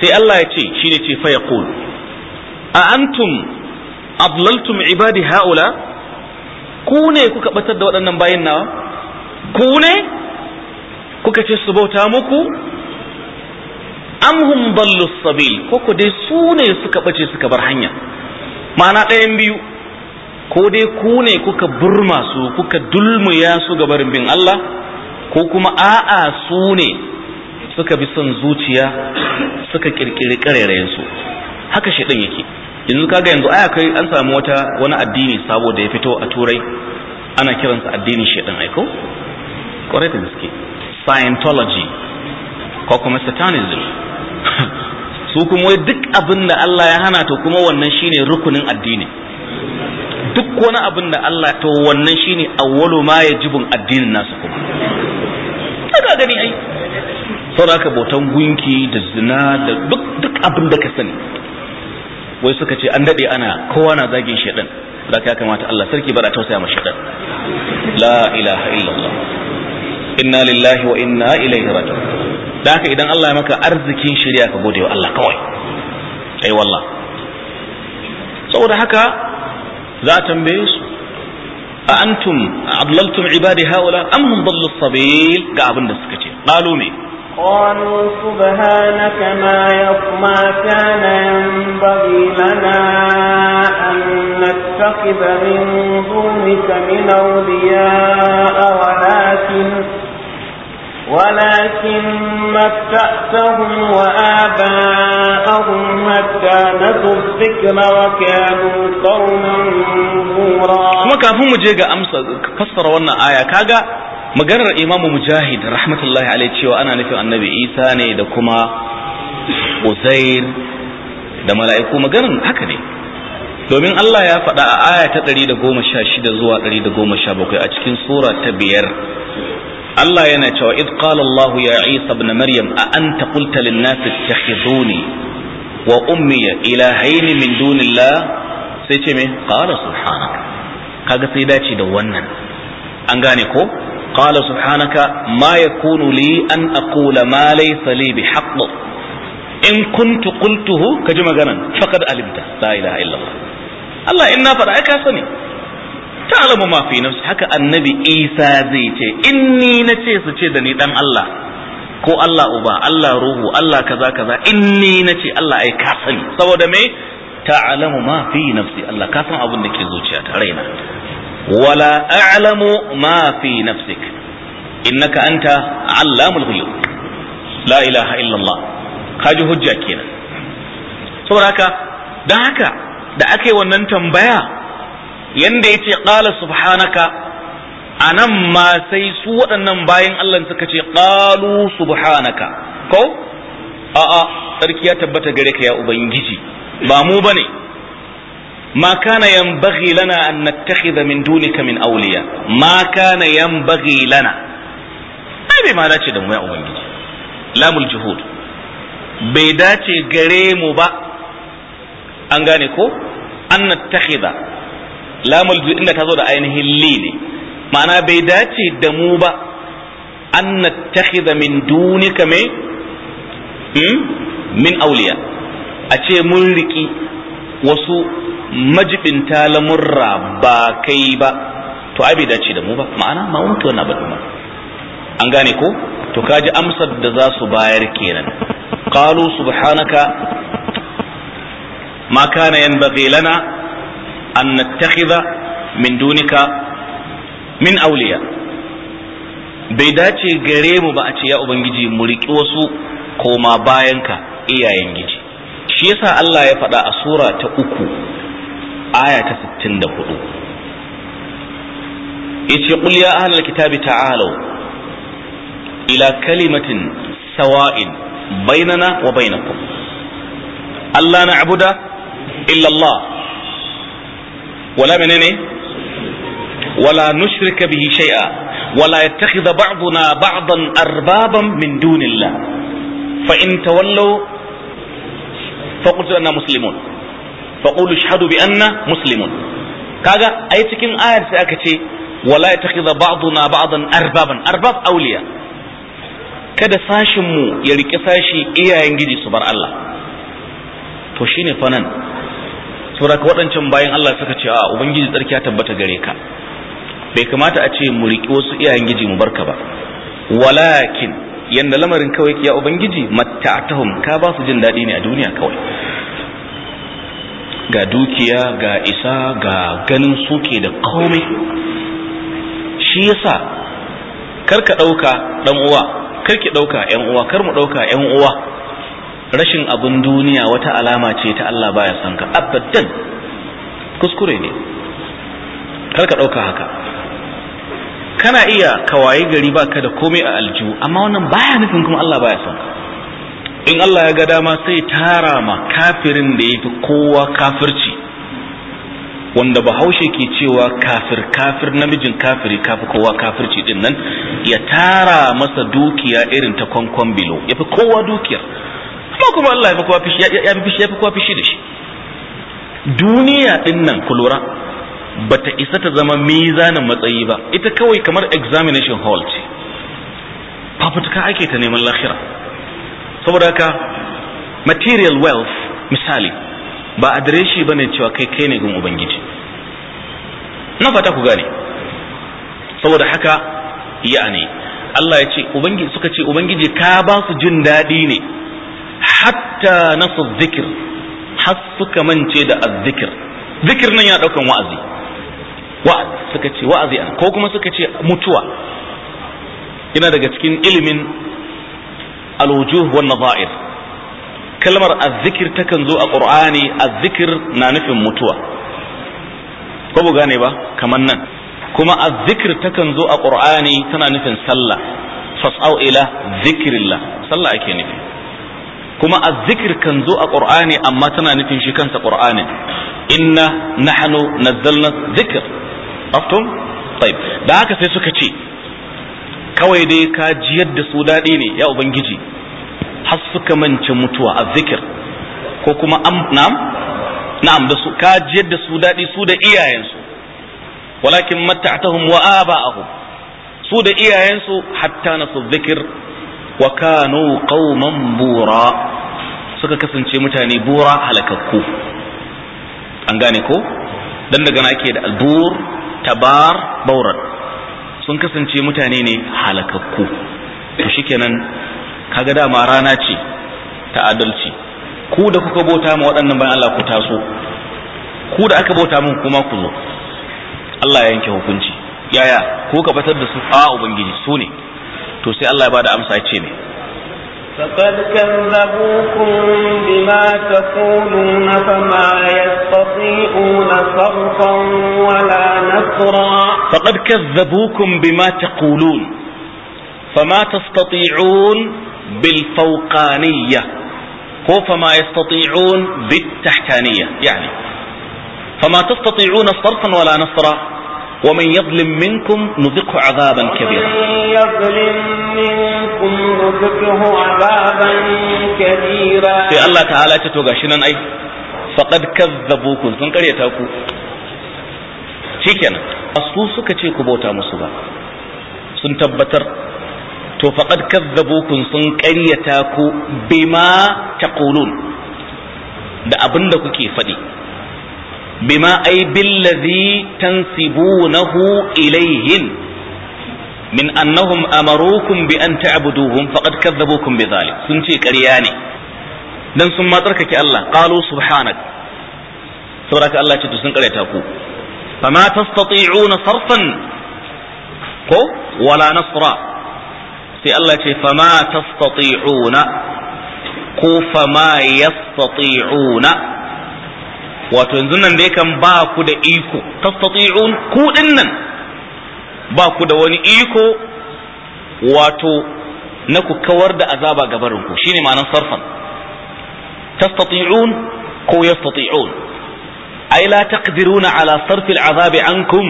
Speaker 1: sai Allah ya ce shi ne ce fa yaqul a antum adlaltum ibadi haula ku ne kuka batar da waɗannan bayan nawa ku ne kuka ce su bauta muku amhum ballu sabil ko ku dai su ne suka bace suka bar hanya ma'ana ɗayan biyu ko dai ku ne kuka burma su kuka dulmuya su ga barin bin Allah ko kuma a'a su ne suka bi son zuciya suka kirkiri ƙararren su haka shi yake yanzu kaga yanzu aya kai an samu wata wani addini sabo da ya fito a turai ana kiransa addinin shedan aiko kwarai da gaske scientology ko kuma satanism <laughs> su kuma wai duk abin da Allah ya hana to kuma wannan shine rukunin addini duk wani abin da Allah to wannan shine awwalu ma yajibun addinin nasu kuma kaga gani ai saboda ka bautan gunki da zina da duk abin da ka sani wai suka ce an dade ana kowa na zagin shedan da ka kamata Allah sarki bara tausaya ma shedan la ilaha illallah inna lillahi wa inna ilaihi raji'un da haka idan Allah ya maka arzikin shirya ka gode wa Allah kawai ai wallah saboda haka za a tambaye su a antum adlaltum ibadi haula am hum dallu sabil ga abin da suka ce qalu me
Speaker 2: قالوا سبحانك ما يطمع كان ينبغي لنا أن نتخذ من دونك من أولياء ولكن ولكن متأتهم وآباءهم حتى نسوا الذكر وكانوا قوما نورا
Speaker 1: وكان هم mu je ga amsa fassara wannan maganar imamu mujahid rahmatullahi alaihi cewa ana nufin annabi isa ne da kuma uzair da mala'iku maganar haka ne domin Allah ya faɗa a aya ta 116 zuwa 117 a cikin sura ta biyar Allah yana cewa id qala ya Isa ibn Maryam a anta qulta lin nas ittakhizuni wa ummi ilahaini min dunillah sai ce me qala subhanaka kaga sai dace da wannan an gane ko قال سبحانك ما يكون لي أن أقول ما ليس لي بحق إن كنت قلته كجمع جنن فقد علمت لا إله إلا الله الله إنا فرأيك أسني تعلم ما في نفسي حكى النبي إيسا زيتي إني نتيس تشدني دم الله ko Allah uba Allah ruhu Allah kaza kaza inni nace Allah ai ka sani saboda me ta'lamu ma fi nafsi Allah ka san abin da ke zuciyata raina wala a'lamu mafi fi nafsik innaka anta allamul ghuyub la ilaha illallah kaji hujja kenan saboda haka da haka da aka wannan tambaya yanda yace qala subhanaka anan ma sai su waɗannan bayan Allah suka ce qalu subhanaka ko a'a sarki ya tabbata gare ka ya ubangiji ba mu bane ما كان ينبغي لنا أن نتخذ من دونك من أولياء ما كان ينبغي لنا أي بما داتي دمو يا أبنجي لام الجهود bai dace gare mu ba an gane ko an nattakhidha lamul inda ta zo da ainihin li ma'ana bai dace da mu ba an nattakhidha min dunika me min auliya a ce mun riki wasu majibinta lamurra ba kai ba to ai bai dace da mu ba ma'ana ma mutu wannan ba an gane ko to kaji amsar da za su bayar kenan qalu subhanaka ma kana yanbaghi lana an nattakhidha min dunika min awliya bai dace gare mu ba a ce ya ubangiji mu riki wasu koma bayanka iyayen giji shi yasa Allah ya faɗa a sura ta uku aya ta 64 yace qul ya ahlal kitabi ta'alu ila kalimatin sawa'in bainana wa bainakum alla na'budu illa Allah wala menene wala nushrika bihi shay'a wala yattakhidha ba'duna ba'dan arbaban min dunillah fa in tawallu faqul anna muslimun Faƙulu, shahadu bi anna muslimun kaga ai cikin ayar sai aka ce wala yatakhidha ba'duna ba'dan arbaban arbab awliya kada sashin mu ya rike sashi iyayen giji su bar Allah to shine fa nan ka waɗancan bayan Allah suka ce a ubangiji tsarki ya tabbata gare ka bai kamata a ce mu riƙi wasu iyayen giji mu barka ba walakin yanda lamarin kawai ya ubangiji matta'tahum ka ba su jin daɗi ne a duniya kawai ga dukiya ga isa ga ganin suke da komai shi yasa kar ka ɗauka ɗan uwa kar ki ɗauka ƴan uwa kar mu ɗauka yan uwa rashin abin duniya wata alama ce ta Allah baya san ka abadan kuskure ne kar ka ɗauka haka kana iya kawaye gari baka da komai a aljihu amma wannan baya nufin kuma Allah baya san ka in Allah ya ga dama sai tara ma kafirin da ya fi kowa kafirci wanda bahaushe ke cewa kafir kafir namijin kafiri kafi kowa kafirci din nan ya tara masa dukiya irin ta kwankwan bilo ya fi kowa dukiya. Kuma kuma Allah ya fi kowa fishi da shi duniya din nan kulura bata isa ta zama mizanin matsayi ba ita kawai kamar examination hall ce fafutuka ake ta neman lahira saboda ka material wealth misali ba adireshi bane cewa kai kai ne gun ubangiji na fata ku gane saboda haka yani Allah ya ce ubangiji suka ce ubangiji ka ba su jin daɗi ne hatta nasu zikir har suka mance da azzikir zikir nan ya ɗaukan wa'azi wa'azi suka ce wa'azi ko kuma suka ce mutuwa Ina daga cikin ilimin alwujuh wan nadha'ir kalmar azzikir takan zo a qur'ani azzikir na nufin mutuwa ko bu gane ba kaman nan kuma azzikir takan zo a qur'ani tana nufin sallah fas'au ila zikrillah sallah ake nufi kuma azzikir kan zo a qur'ani amma tana nufin shi kansa qur'anin inna nahnu nazzalna dhikr aftum طيب da haka sai suka ce kawai dai ka jiyar da su daɗi ne ya ubangiji har suka mance mutuwa a zikir ko kuma na'am na'am da su ka jiyar da su daɗi su da iyayensu walakin matta'tahum wa aba'ahum su da iyayensu hatta su zikir wa kanu qauman bura suka kasance mutane bura halakakku an gane ko dan daga na ake da albur tabar bauran sun kasance mutane ne halakakku to shikenan kaga dama rana ce ta adalci ku da kuka bauta ma waɗannan bayan Allah ku taso ku da aka bauta min kuma ku zo Allah ya yanke hukunci yaya ko ka batar da su a ubangiji su ne to sai Allah ya bada amsa ya ce ne
Speaker 2: فقد كذبوكم بما تقولون فما
Speaker 1: يستطيعون صرفا ولا نصرا فقد كذبوكم بما تقولون فما تستطيعون بالفوقانية هو فما يستطيعون بالتحتانية يعني فما تستطيعون صرفا ولا نصرا ومن يظلم منكم نذقه عذابا كبيرا
Speaker 2: ومن يظلم منكم نذقه عذابا كبيرا في
Speaker 1: الله تعالى تتوقع شنان أي فقد كذبوكم سنكر يتاكو شكنا أصلو سكتي كبوتا مصبا سنتبتر to faqad kazzabukum sun ƙaryata ku bima taqulun da abinda kuke faɗi بما أي بالذي تنسبونه إليهم من أنهم أمروكم بأن تعبدوهم فقد كذبوكم بذلك سنتي كرياني دن ثم تركك الله قالوا سبحانك سبحانك الله تتسن تقول فما تستطيعون صرفا ولا نصرا في الله فما تستطيعون قو فما يستطيعون wato yanzu nan dai kan ba ku da iko tastati'un ku nan ba ku da wani iko wato na ku kawar da azaba gabarin ku shine ma'anar sarfan tastati'un ko yastati'un ay la taqdiruna ala sarfi azabi ankum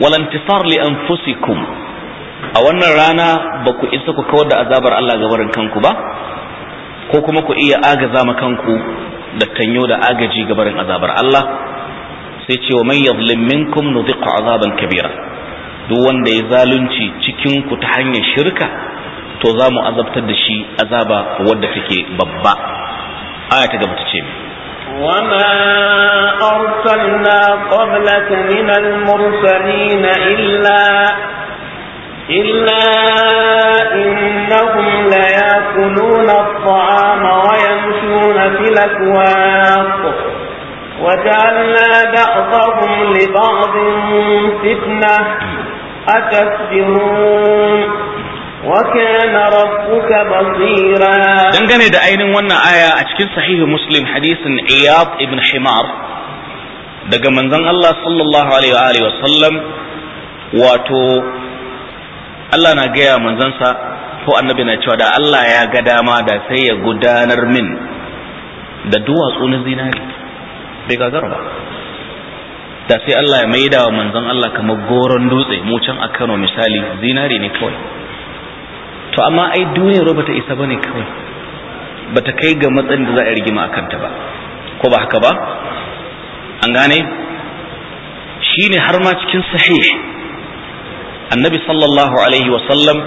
Speaker 1: wal intisar li anfusikum a wannan rana ba ku isa ku kawar da azabar Allah gabarin kanku ba ko kuma ku iya agaza ma kanku da tanyo da agaji ga barin azabar Allah sai ce wa man yadhlim minkum nudhiqu azaban kabira duk wanda ya zalunci cikin ku ta hanyar shirka to za mu azabtar da shi azaba wadda take babba aya ta gaba ta ce
Speaker 2: وما أرسلنا قبلك من المرسلين إلا إلا إنهم ليأكلون الطعام في الأسواق وجعلنا بعضهم لبعض فتنة أتسجرون dangane da
Speaker 1: ainihin wannan aya a cikin sahihu muslim hadisin iyad ibn himar daga manzon Allah sallallahu alaihi wa sallam wato Allah na gaya manzansa ko annabi na cewa da Allah ya ga dama da sai ya gudanar min da duwatsu na zinari bai gagara ba da sai Allah ya maida wa manzon Allah kamar goron dutse mu can a Kano misali zinari ne kawai to amma ai duniyar ba ta isa bane kawai ba ta kai ga matsayin da za a rigima a kanta ba ko ba haka ba an gane shine har ma cikin sahih annabi sallallahu alaihi wa sallam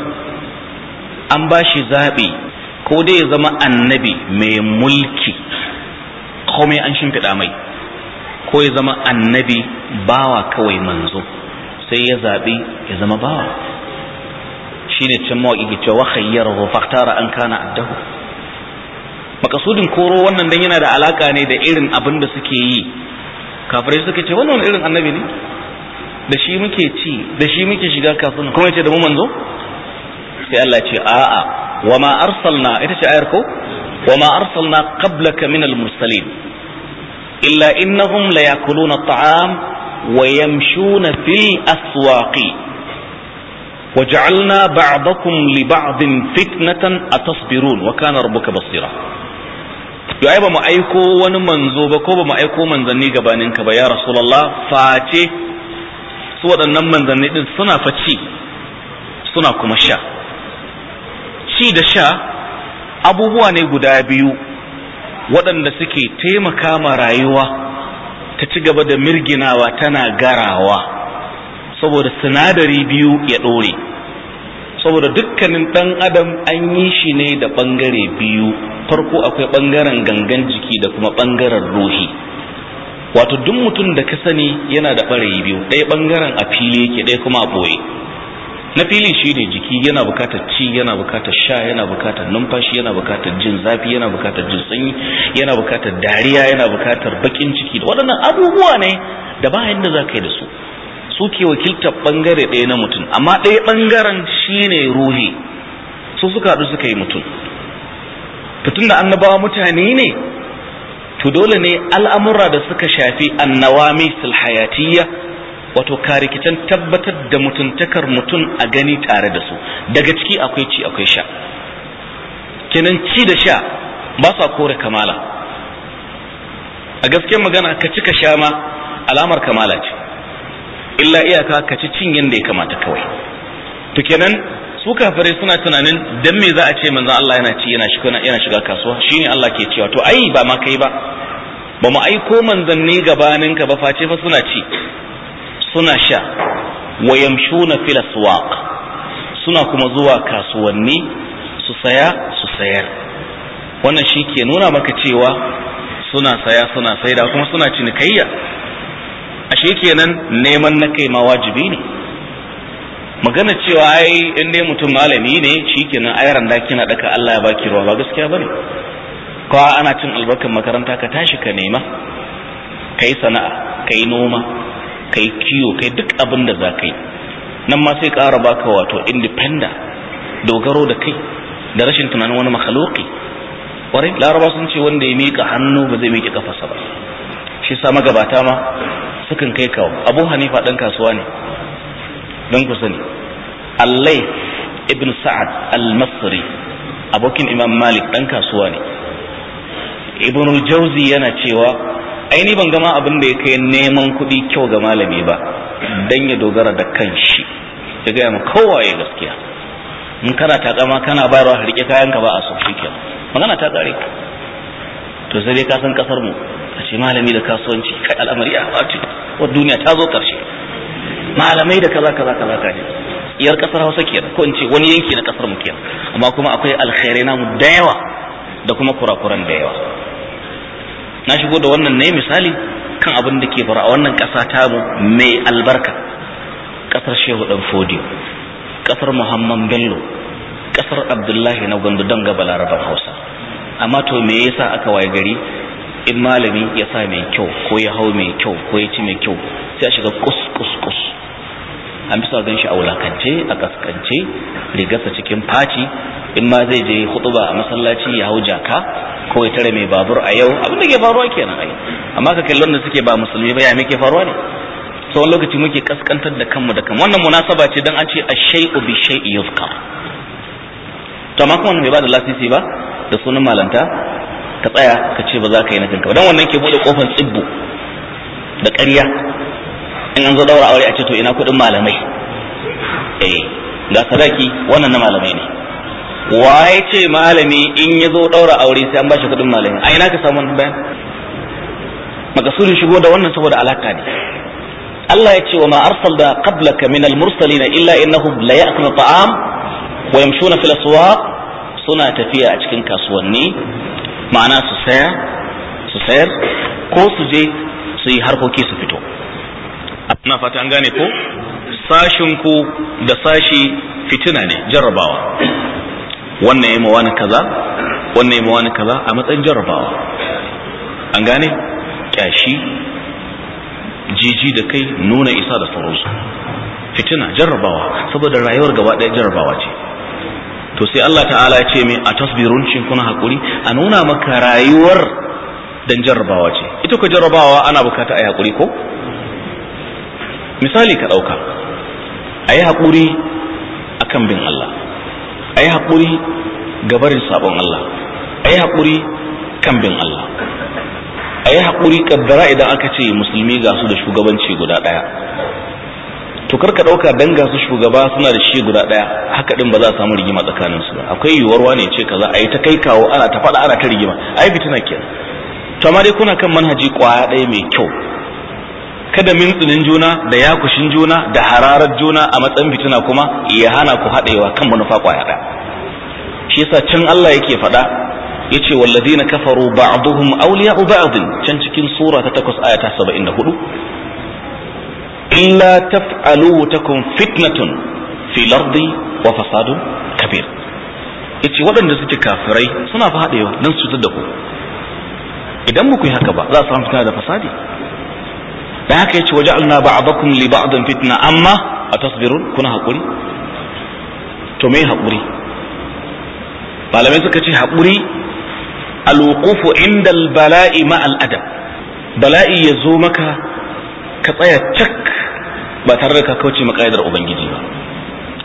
Speaker 1: an bashi shi zaɓi ko dai ya zama annabi mai mulki komai an shimfiɗa mai ko ya zama annabi bawa kawai manzo sai ya zaɓi ya zama bawa shi ne can mawaƙi ke cewa hayyar faktara an kana addahu makasudin koro wannan dan yana da alaka ne da irin abin da suke yi kafirai suka ce wannan irin annabi ne da shi muke ci da shi muke shiga kasuwa kuma ce da mu manzo sai Allah ce a'a wa ma arsalna ita ce ayar ko وما أرسلنا قبلك من المرسلين إلا إنهم ليأكلون الطعام ويمشون في الأسواق وجعلنا بعضكم لبعض فتنة أتصبرون وكان ربك بصيرا ai ba mu aiko wani manzo ba ko ba mu aiko manzanni gabaninka ba ya rasulullah face su waɗannan manzanni din suna faci suna kuma sha ci da sha abubuwa ne guda biyu waɗanda suke taimaka ma rayuwa ta ci gaba da mirginawa tana garawa saboda sinadari biyu ya ɗore saboda dukkanin ɗan adam an yi shi ne da ɓangare biyu farko akwai ɓangaren gangan jiki da kuma ɓangaren ruhi wato duk mutum da ka sani yana da ɓarayi biyu ɗaya ɓangaren a fili yake ɗaya kuma a ɓoye na fili shi ne jiki yana bukatar ci yana bukatar sha yana bukatar numfashi yana bukatar jin zafi yana bukatar jin sanyi yana bukatar dariya yana bukatar bakin ciki da waɗannan abubuwa ne da ba yadda za ka yi da su su ke wakiltar ɓangare ɗaya na mutum amma ɗaya ɓangaren shi ne ruhi su suka haɗu suka yi mutum tun da annabawa mutane ne to dole ne al'amura da suka shafi annawami hayatiyya wato karikitan tabbatar da mutuntakar mutum a gani tare da su daga ciki akwai ci akwai sha kenan ci da sha ba sa kore kamala a gaskiyar magana ka ci ka sha ma alamar kamala ce illa iyaka ka ci cin yadda ya kamata kawai to kenan su kafare suna tunanin dan me za a ce manzo Allah yana ci yana shiga yana shiga kasuwa Allah ke cewa to ai ba ma kai ba ba mu aiko manzanni gabaninka ba face fa suna ci suna sha wa yamshuna fil aswaq suna kuma zuwa kasuwanni su saya su sayar wannan shi ke nuna maka cewa suna saya suna saida kuma suna cinikayya ashe kenan neman na kai ma wajibi ne magana cewa ai in dai mutum malami ne shi kenan ai randa kina daka Allah ya baki ruwa ba gaskiya bane ko ana cin albarkan makaranta ka tashi ka nema kai sana'a kai noma kai kiyo kai duk abin da za ka yi nan ma sai ƙara baka wato independa dogaro da kai da rashin tunanin wani makhluki ƙwarai laraba sun ce wanda ya mika hannu ba zai miƙe kafasa ba shi sa magabata ma sukan kai kawo abu hanifa ɗan kasuwa ne don ku sani allai ibn sa'ad al-masri abokin imam malik ɗan kasuwa ne ibn jauzi yana cewa aini ban gama abin da ya kai neman kuɗi kyau ga malami ba dan ya dogara da kanshi ya gaya ma kowaye gaskiya in kana takama kana bayarwa ka rike kayanka ba a so shikenan magana ta tsare to sai dai ka san kasar mu a ce malami da kasuwanci kai al'amari a wato wa duniya ta zo karshe malamai da kaza kaza kaza ne. iyar kasar Hausa kenan ko in ce wani yanki na kasar mu kenan amma kuma akwai alkhairai namu da yawa da kuma kurakuran da yawa na shigo da wannan ne misali kan abin da ke faru a wannan ƙasa ta mai albarka ƙasar shehu ɗan Fodi ƙasar muhammad bello ƙasar abdullahi na gwandu don gaba larabar hausa amma to me yasa aka waye gari in malami ya sa mai kyau ko ya hau mai kyau ko ya ci mai kyau sai a shiga kus kus kus an fi sa shi a wulakance a kaskance rigarsa cikin faci in ma zai je hutuba a masallaci ya hau jaka ko ya tare mai babur a yau abin da ke faruwa kenan ai amma ka kallon da suke ba musulmi ba ya me ke faruwa ne tsawon wani lokaci muke kaskantar da kanmu da kanmu wannan munasaba ce dan an ce a shayu bi shay'i yuzkar to amma kuma mai ba da lasisi ba da sunan malanta ka tsaya ka ce ba za ka yi na kanka ba dan wannan ke bude kofar tsibbu da ƙarya in an zo daura aure a ce to ina kuɗin malamai eh ga sadaki wannan na malamai ne waye ce malami in ya zo daura aure sai an bashi kuɗin malami a ina ka samu wannan bayan makasudin shigo da wannan saboda alaka ne Allah ya ce wa ma arsalna qablaka min al-mursalin illa innahum la ya'kuluna ta'am wa yamshuna fil aswaq suna tafiya a cikin kasuwanni ma'ana su saya su sayar ko su je su yi harkoki su fito na fata an gane ko sashinku da sashi fitina ne jarrabawa wannan yi mawani kaza wannan yi mawani kaza a matsayin jarrabawa an gane kyashi jiji da kai nuna isa da sauransu fitina jarrabawa saboda rayuwar gaba ɗaya jarrabawa ce to sai Allah ta'ala ya ce mai a tasbirun shin kuna hakuri a nuna maka rayuwar dan jarrabawa ce ita ko jarrabawa ana bukata a hakuri ko misali ka ɗauka a yi haƙuri a kan bin Allah a yi haƙuri barin sabon Allah a yi haƙuri kan bin Allah a yi haƙuri ƙaddara idan aka ce musulmi ga su da shugabanci guda ɗaya to karka ɗauka dan ga su shugaba suna da shi guda ɗaya haka ɗin ba za a samu rigima tsakaninsu ba akwai yiwuwar wane ce kaza a yi ta kai kawo ana ta faɗa ana ta rigima ai fitina kenan to amma dai kuna kan manhaji kwaya ɗaya mai kyau kada mintsinin juna da yakushin juna da hararar juna a matsayin fitina kuma ya hana ku haɗewa kan manufa kwaya ɗaya shi yasa can Allah yake faɗa yace walladina kafaru ba'duhum awliya'u ba'd can cikin sura ta 8 aya ta 74 illa taf'alu takum fitnatun fil ardi wa fasadun kabir yace waɗanda suke kafirai suna faɗewa dan su da ku idan ba yi haka ba za su samu fitina da fasadi da haka yace waja'alna ba'dakum li ba'din fitna amma atasbirun kuna hakuri to me hakuri malamai suka ce hakuri alwuqufu inda albala'i ma al'adab bala'i ya zo maka ka tsaya cak ba tare da ka kauce ubangiji ba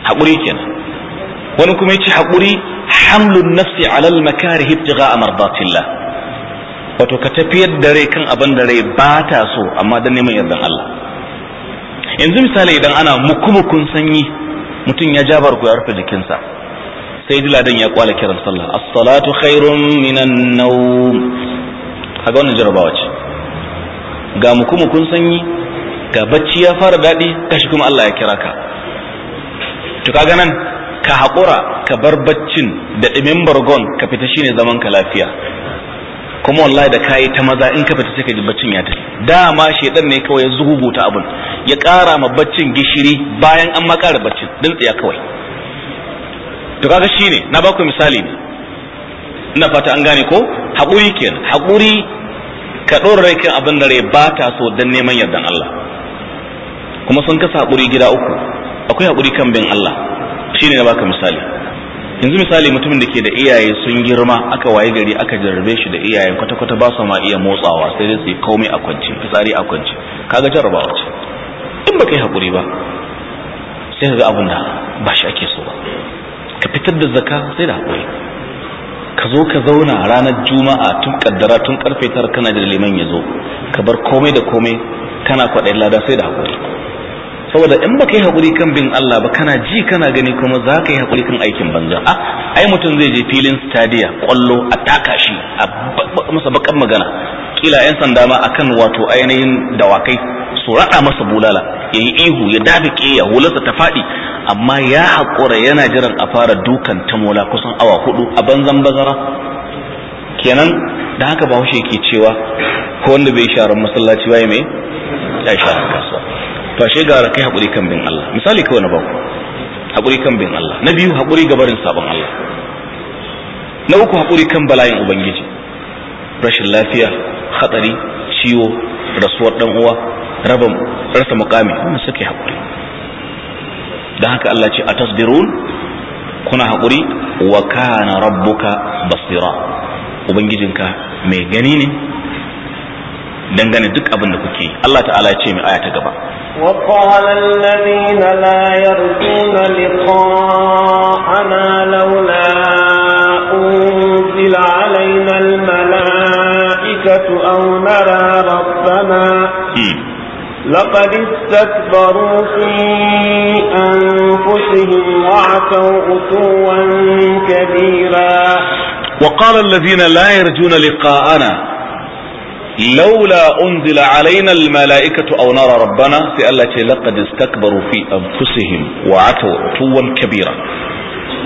Speaker 1: hakuri kenan wani kuma ya ce haƙuri hamlun nafsi alal al-makarih ibtigha'a mardatillah wato ka tafiyar da rai kan abin da rai ba ta so amma don neman yardan Allah yanzu misali idan ana mukumukun sanyi mutum ya jabar ku ya rufe jikinsa sai diladan ya kwala kiran sallah as-salatu khairun minan nawm kaga wannan jarabawa ce ga mukumukun sanyi ga bacci ya fara daɗi kashi kuma Allah ya kira ka to kaga nan ka hakura ka bar baccin da dimin bargon ka fita shine zaman ka lafiya kuma wallahi da kayi ta maza in ka fita sai ka ji ya tafi dama shedan ne kawai ya zuhubuta abun ya kara ma baccin gishiri bayan an ma ƙara baccin din tsaya kawai to kaga shine na baku misali ne ina fata an gane ko hakuri kenan hakuri ka dora rai kan abin da rai ba ta so dan neman yardan Allah kuma sun kasa hakuri gida uku akwai hakuri kan bin Allah shine na baka misali yanzu misali mutumin da ke da iyaye sun girma aka waye gari aka jarrabe shi da iyayen kwata-kwata ba su ma iya motsawa sai dai su yi komai a kwance fitsari a kwance kaga jarrabawa ce in baka yi hakuri ba sai ka ga abin da ba shi ake so ba ka fitar da zaka sai da hakuri ka zo ka zauna ranar juma'a tun kaddara tun karfe tara kana da liman ya zo ka bar komai da komai kana kwaɗayin lada sai da hakuri saboda in baka yi haƙuri kan bin Allah ba kana ji kana gani kuma za ka yi haƙuri kan aikin banza a ah, ai mutum zai je filin stadiya kwallo a taka shi a masa bakan magana kila yan sanda ma akan wato ainihin dawakai su raɗa masa bulala ya yi ihu ya dafi ya hularsa ta faɗi amma ya haƙura yana jiran a fara dukan Mola kusan awa hudu a banzan bazara kenan da haka bahaushe ke cewa ko wanda bai sharan masallaci ba ya mai ya sharan kasuwa to ga gara kai haƙuri kan bin Allah misali kawai na ku, haƙuri kan bin Allah na biyu haƙuri ga barin sabon Allah na uku hakuri kan balayin ubangiji rashin lafiya hatsari ciwo rasuwar dan uwa raba rasa mukami wannan suke haƙuri dan haka Allah ce a atasbirun kuna hakuri wa kana rabbuka basira ubangijinka mai gani ne dangane duk abin da kuke yi Allah ta'ala ya ce mai
Speaker 2: aya ta gaba وقال الذين لا يرجون لقاءنا لولا أنزل علينا الملائكة أو نرى ربنا لقد استكبروا في أنفسهم وعتوا عتوا
Speaker 1: كبيرا وقال الذين لا يرجون لقاءنا laula unzila alaina almalaikatu aw nara sai Allah ce laqad istakbaru fi anfusihim wa ataw tuwan kabira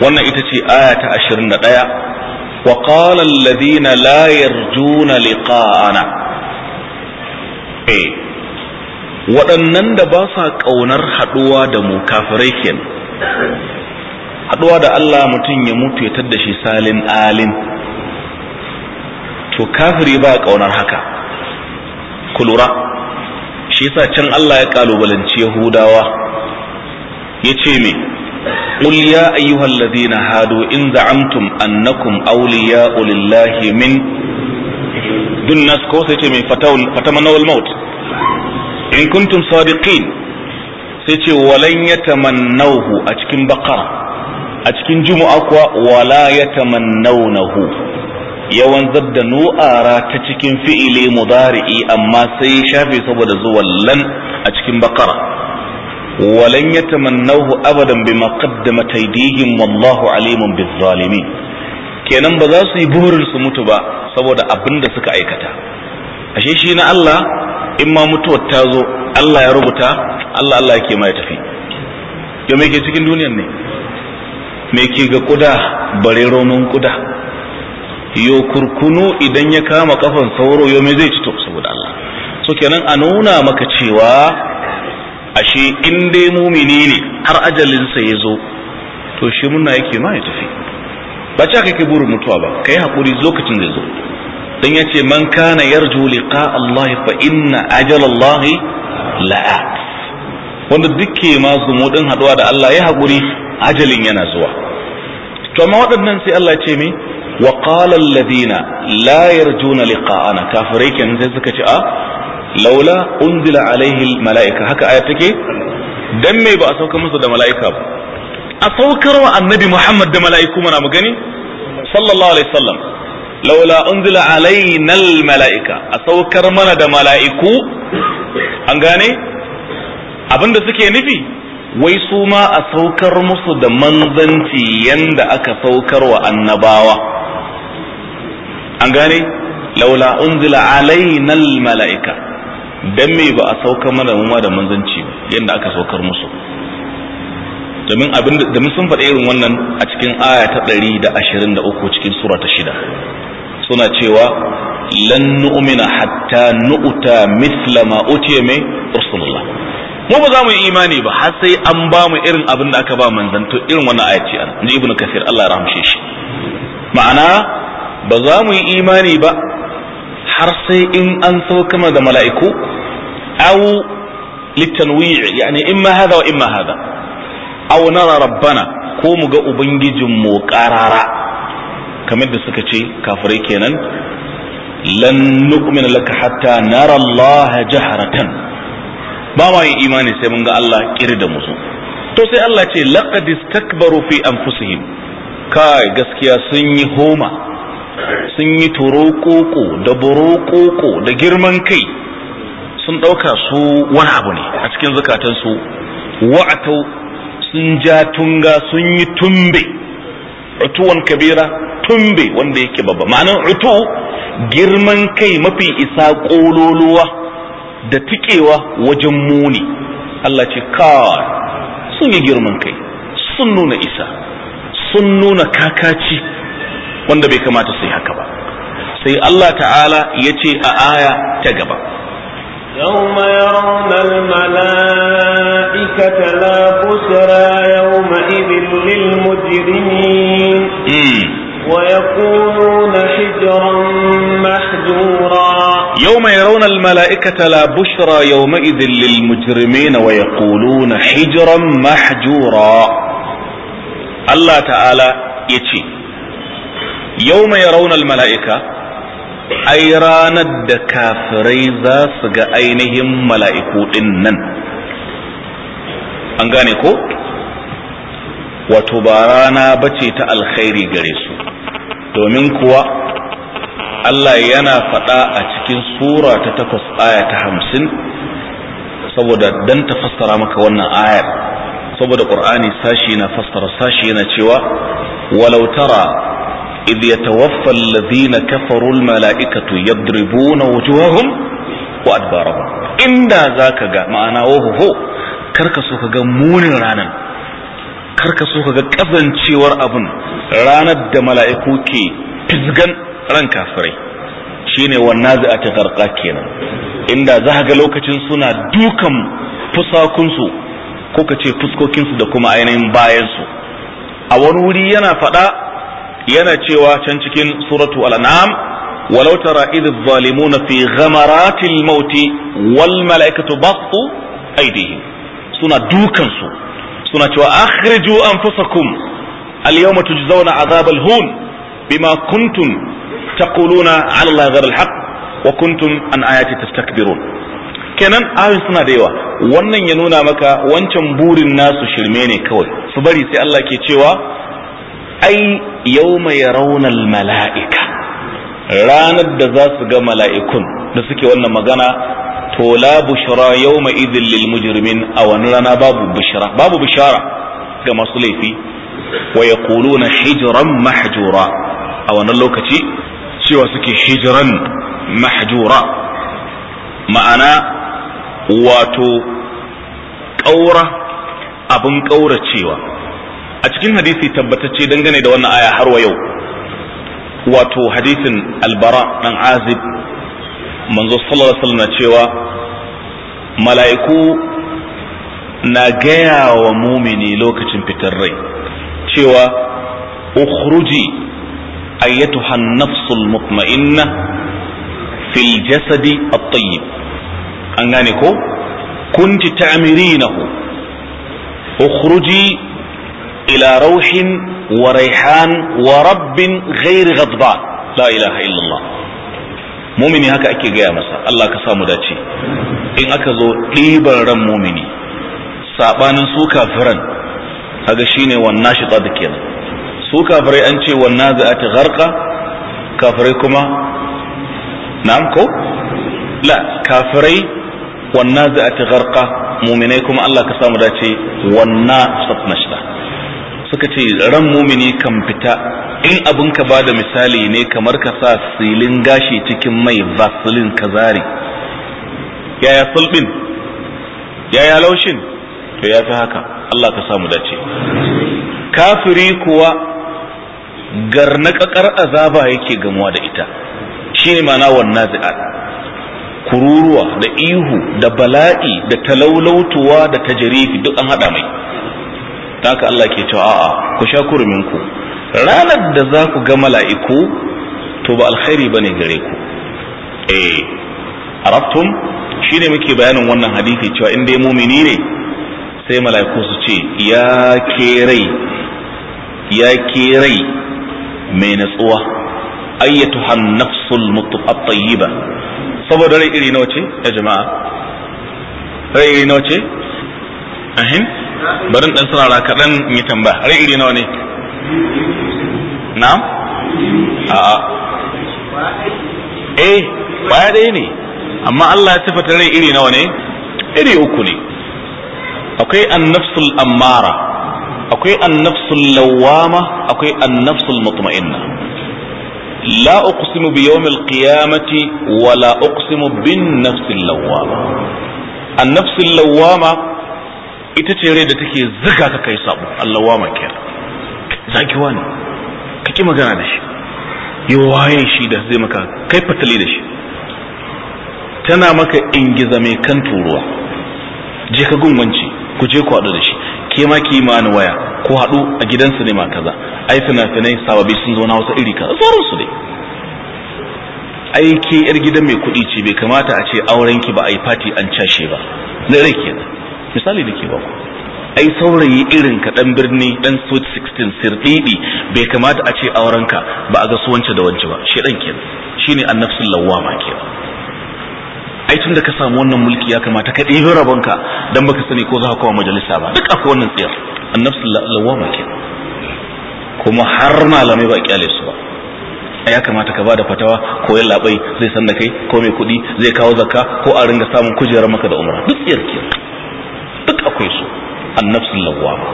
Speaker 1: wannan ita ce aya ta ashirin da ɗaya. alladhina la yarjuna liqa'ana eh waɗannan da ba sa ƙaunar haɗuwa da mu kafirai haɗuwa da Allah mutum ya mutu ya tadda shi salin alin to kafiri ba ƙaunar haka Kulura, shi yasa can Allah ya kalubalanci Yahudawa yace me qul ya ayyuhalladhina hadu in za'amtum annakum awliya'u lillahi min dun nas ko ce me fatamanawal maut in kuntum sadiqin sai ce walan yatamannawhu a cikin baqara a cikin jumu'a kuwa wala yatamannawnahu yawan zabda nu'ara ta cikin fi'ili mudari'i amma sai shafe saboda zuwan lan a cikin bakara walan yatamannahu abadan bima qaddamat taydihim wallahu alimun zalimin kenan ba za su yi burin su mutu ba saboda abin da suka aikata ashe shi na Allah in ma mutuwar ta zo Allah ya rubuta Allah Allah yake mai tafi yau me ke cikin duniyar ne me ke ga kuda bare ronon kuda yo kurkunu idan ya kama kafan sauro yo me zai ci to saboda Allah so kenan a nuna maka cewa ashe in dai mumini ne har ajalinsa ya zo to shi muna yake ma ya tafi ba ce kake burin mutuwa ba kai hakuri lokacin da zo dan yace man kana yarju liqa Allah fa inna ajala Allah la'a wanda duke ma zumudin haduwa da Allah ya hakuri ajalin yana zuwa to amma waɗannan sai Allah ce me wa qala alladhina la yarjuna liqa'ana kafirai kenan sai suka ce a ah, laula mala'ika haka aya take dan me ba a sauka masa da mala'ika ba a saukarwa annabi Muhammad da mala'iku mana mu gani sallallahu alaihi wasallam laula unzila mala'ika a saukar mana da mala'iku an gane abinda suke nufi wai su ma a saukar musu da manzanci yanda aka saukar wa annabawa an gane laula unzila alaina mala'ika dan me ba a sauka mana mu da manzanci yanda aka saukar musu domin abin mun sun faɗa irin wannan a cikin aya ta 123 cikin sura ta 6 suna cewa lan nu'mina hatta nu'ta mithla ma utiya mai rasulullah mu ba za mu yi imani ba har sai an ba mu irin abin da aka ba manzanto irin wannan aya ce an ibnu kasir Allah ya rahmshe shi ma'ana ba za mu yi imani ba har sai in an kama da mala'iku aw litanwi' yani imma hada wa imma hada aw nara rabbana ko mu ga ubangijin mu qarara kamar da suka ce kafirai kenan lan nu'mina laka hatta nara Allah jahratan ba ma yi imani sai mun ga Allah kiri da musu to sai Allah ce laqad istakbaru fi anfusihim kai gaskiya sun yi homa sun yi turokoko da burokoko da girman kai sun ɗauka su wani abu ne a cikin zukatansu wa'atau sun ja tunga sun yi tumbe utuwan kabira tumbe wanda yake babba ma'anar utu girman kai mafi isa ƙololuwa da tikewa wajen muni Allah ce kawai sun yi girman kai sun nuna isa sun nuna kakaci wanda bai kamata su yi haka ba sai Allah ta'ala ya ce a aya ta gaba
Speaker 2: يوم يرون الملائكة لا بشرى يومئذ للمجرمين ويقولون حجرا محجورا
Speaker 1: يوم يرون الملائكة لا بشرى يومئذ للمجرمين ويقولون حجرا محجورا الله تعالى يتي yau mai raunar mala'ika ai ranar da kafirai za su ga ainihin mala'iku ɗin nan an gane ko wato ba rana bace ta alkhairi gare su domin kuwa Allah yana faɗa a cikin sura ta takwas aya ta hamsin saboda dan ta fassara maka wannan ayar saboda ƙur'ani sashi na fassara sashi yana cewa walautara. إذ يتوفى الذين كفروا الملائكة يضربون وجوههم وأدبارهم إن ذاك جاء معنا وهو هو كركسو كجا مون رانا كركسو كجا كفن شوار أبن رانا دملائكو كي فزغن ran kafirai shine wannazi a tagarka kenan inda za ga lokacin suna dukan fusakunsu ko ka fuskokinsu da kuma ainihin bayansu a wani wuri yana faɗa yana cewa can cikin suratu al-an'am walau tara idh zalimuna fi ghamaratil mauti wal malaikatu baqtu aydihim suna dukan su suna cewa akhriju anfusakum al-yawma tujzauna azabal hun bima kuntum taquluna ala Allah ghayra al-haq wa kuntum an ayati tastakbirun kenan ayoyin suna da yawa wannan ya nuna maka wancan burin nasu shirme ne kawai su bari sai Allah ke cewa ai mai raunar mala'ika. ranar da za su ga mala'ikun da suke wannan magana to la bushra yawma idhil lil mujrimin a wani rana babu bushara. babu bishara ga masu laifi wa na hijiran mahjura a wannan lokaci cewa suke hijiran mahjura ma'ana wato ƙaura abin ƙauracewa a cikin hadisi tabbatacce dangane da wannan aya har wa yau wato hadisin albara dan azib manzo sallallahu alaihi wasallam cewa mala'iku na gaya wa mumini lokacin fitar rai cewa ukhruji ayyatuha an-nafsul mutma'inna fil jasadi at-tayyib an gane ko kunti ta'mirinahu ukhruji ila rauhin wa warabbin wa rabbin ghairi ghadban la ilaha illallah mumini haka ake gaya masa Allah ka samu dace in aka zo ɗiban ran mumini sabanin su kafiran kaga shine wannan shi da kenan su kafirai an ce wannan za'at gharqa kafirai kuma na'am ko la wanna muminai kuma Allah ka dace wanna satnashta suka ce ran mumini kan fita in abin ka ba da misali ne kamar ka sa silin gashi cikin mai vaseline ka zare yaya sulbin yaya laushin to ya fi haka Allah ka samu dace kafiri kuwa garnaƙaƙar azaba yake gamuwa da ita shine mana wannan kururuwa da ihu da bala'i da talaulautuwa da tajarifi duk an haɗa mai ta haka Allah ke cewa a'a ku sha kurumin ku ranar da za ku ga mala'iku to ba alkhairi bane gare ku eh arabtum shine muke bayanin wannan hadisi cewa in dai mumini ne sai mala'iku su ce ya ke rai ya ke rai mai natsuwa han nafsul at-tayyiba saboda rai iri nawa ce ya jama'a rai iri nawa ce ahin barin dan sarara kaɗan in yi tambaya rai iri nawa ne na'am a eh baya ɗaya ne amma Allah ya sifata rai iri nawa ne iri uku ne akwai annafsul ammara akwai annafsul lawama akwai annafsul mutma'inna لا أقسم بيوم القيامة ولا أقسم بالنفس اللوامة النفس اللوامة ita ce rai da take zuga ka kai sabo Allah wa makiya zaki wani ka ki magana da shi ya waye shi da zai maka kai fatali da shi tana maka ingiza mai kan turuwa je ka gungunci ku je ku haɗu da shi ke ma ki imani waya ko haɗu a gidansu ne ma kaza ai fina-finai sababi sun zo na wasu iri kaza su dai ai ke yar gidan mai kuɗi ce bai kamata a ce aurenki ba a yi fati an cashe ba na rai kenan misali da ke ba ai saurayi irin ka dan birni dan sweet 16 sirdidi bai kamata a ce auren ka ba a ga su wance da wance ba shi dan kenan shine annafsul lawama kenan ai tunda ka samu wannan mulki ya kamata ka rabon ka dan baka sani ko za ka kawo majalisa ba duk akwai wannan tsiyar annafsul lawama kenan kuma har malamai ba kyale su ba ya kamata ka ba da fatawa ko yan labai zai san da kai ko mai kuɗi zai kawo zakka ko a ringa samun kujerar maka da umra duk tsiyar kenan akwai su an nafsin lawwama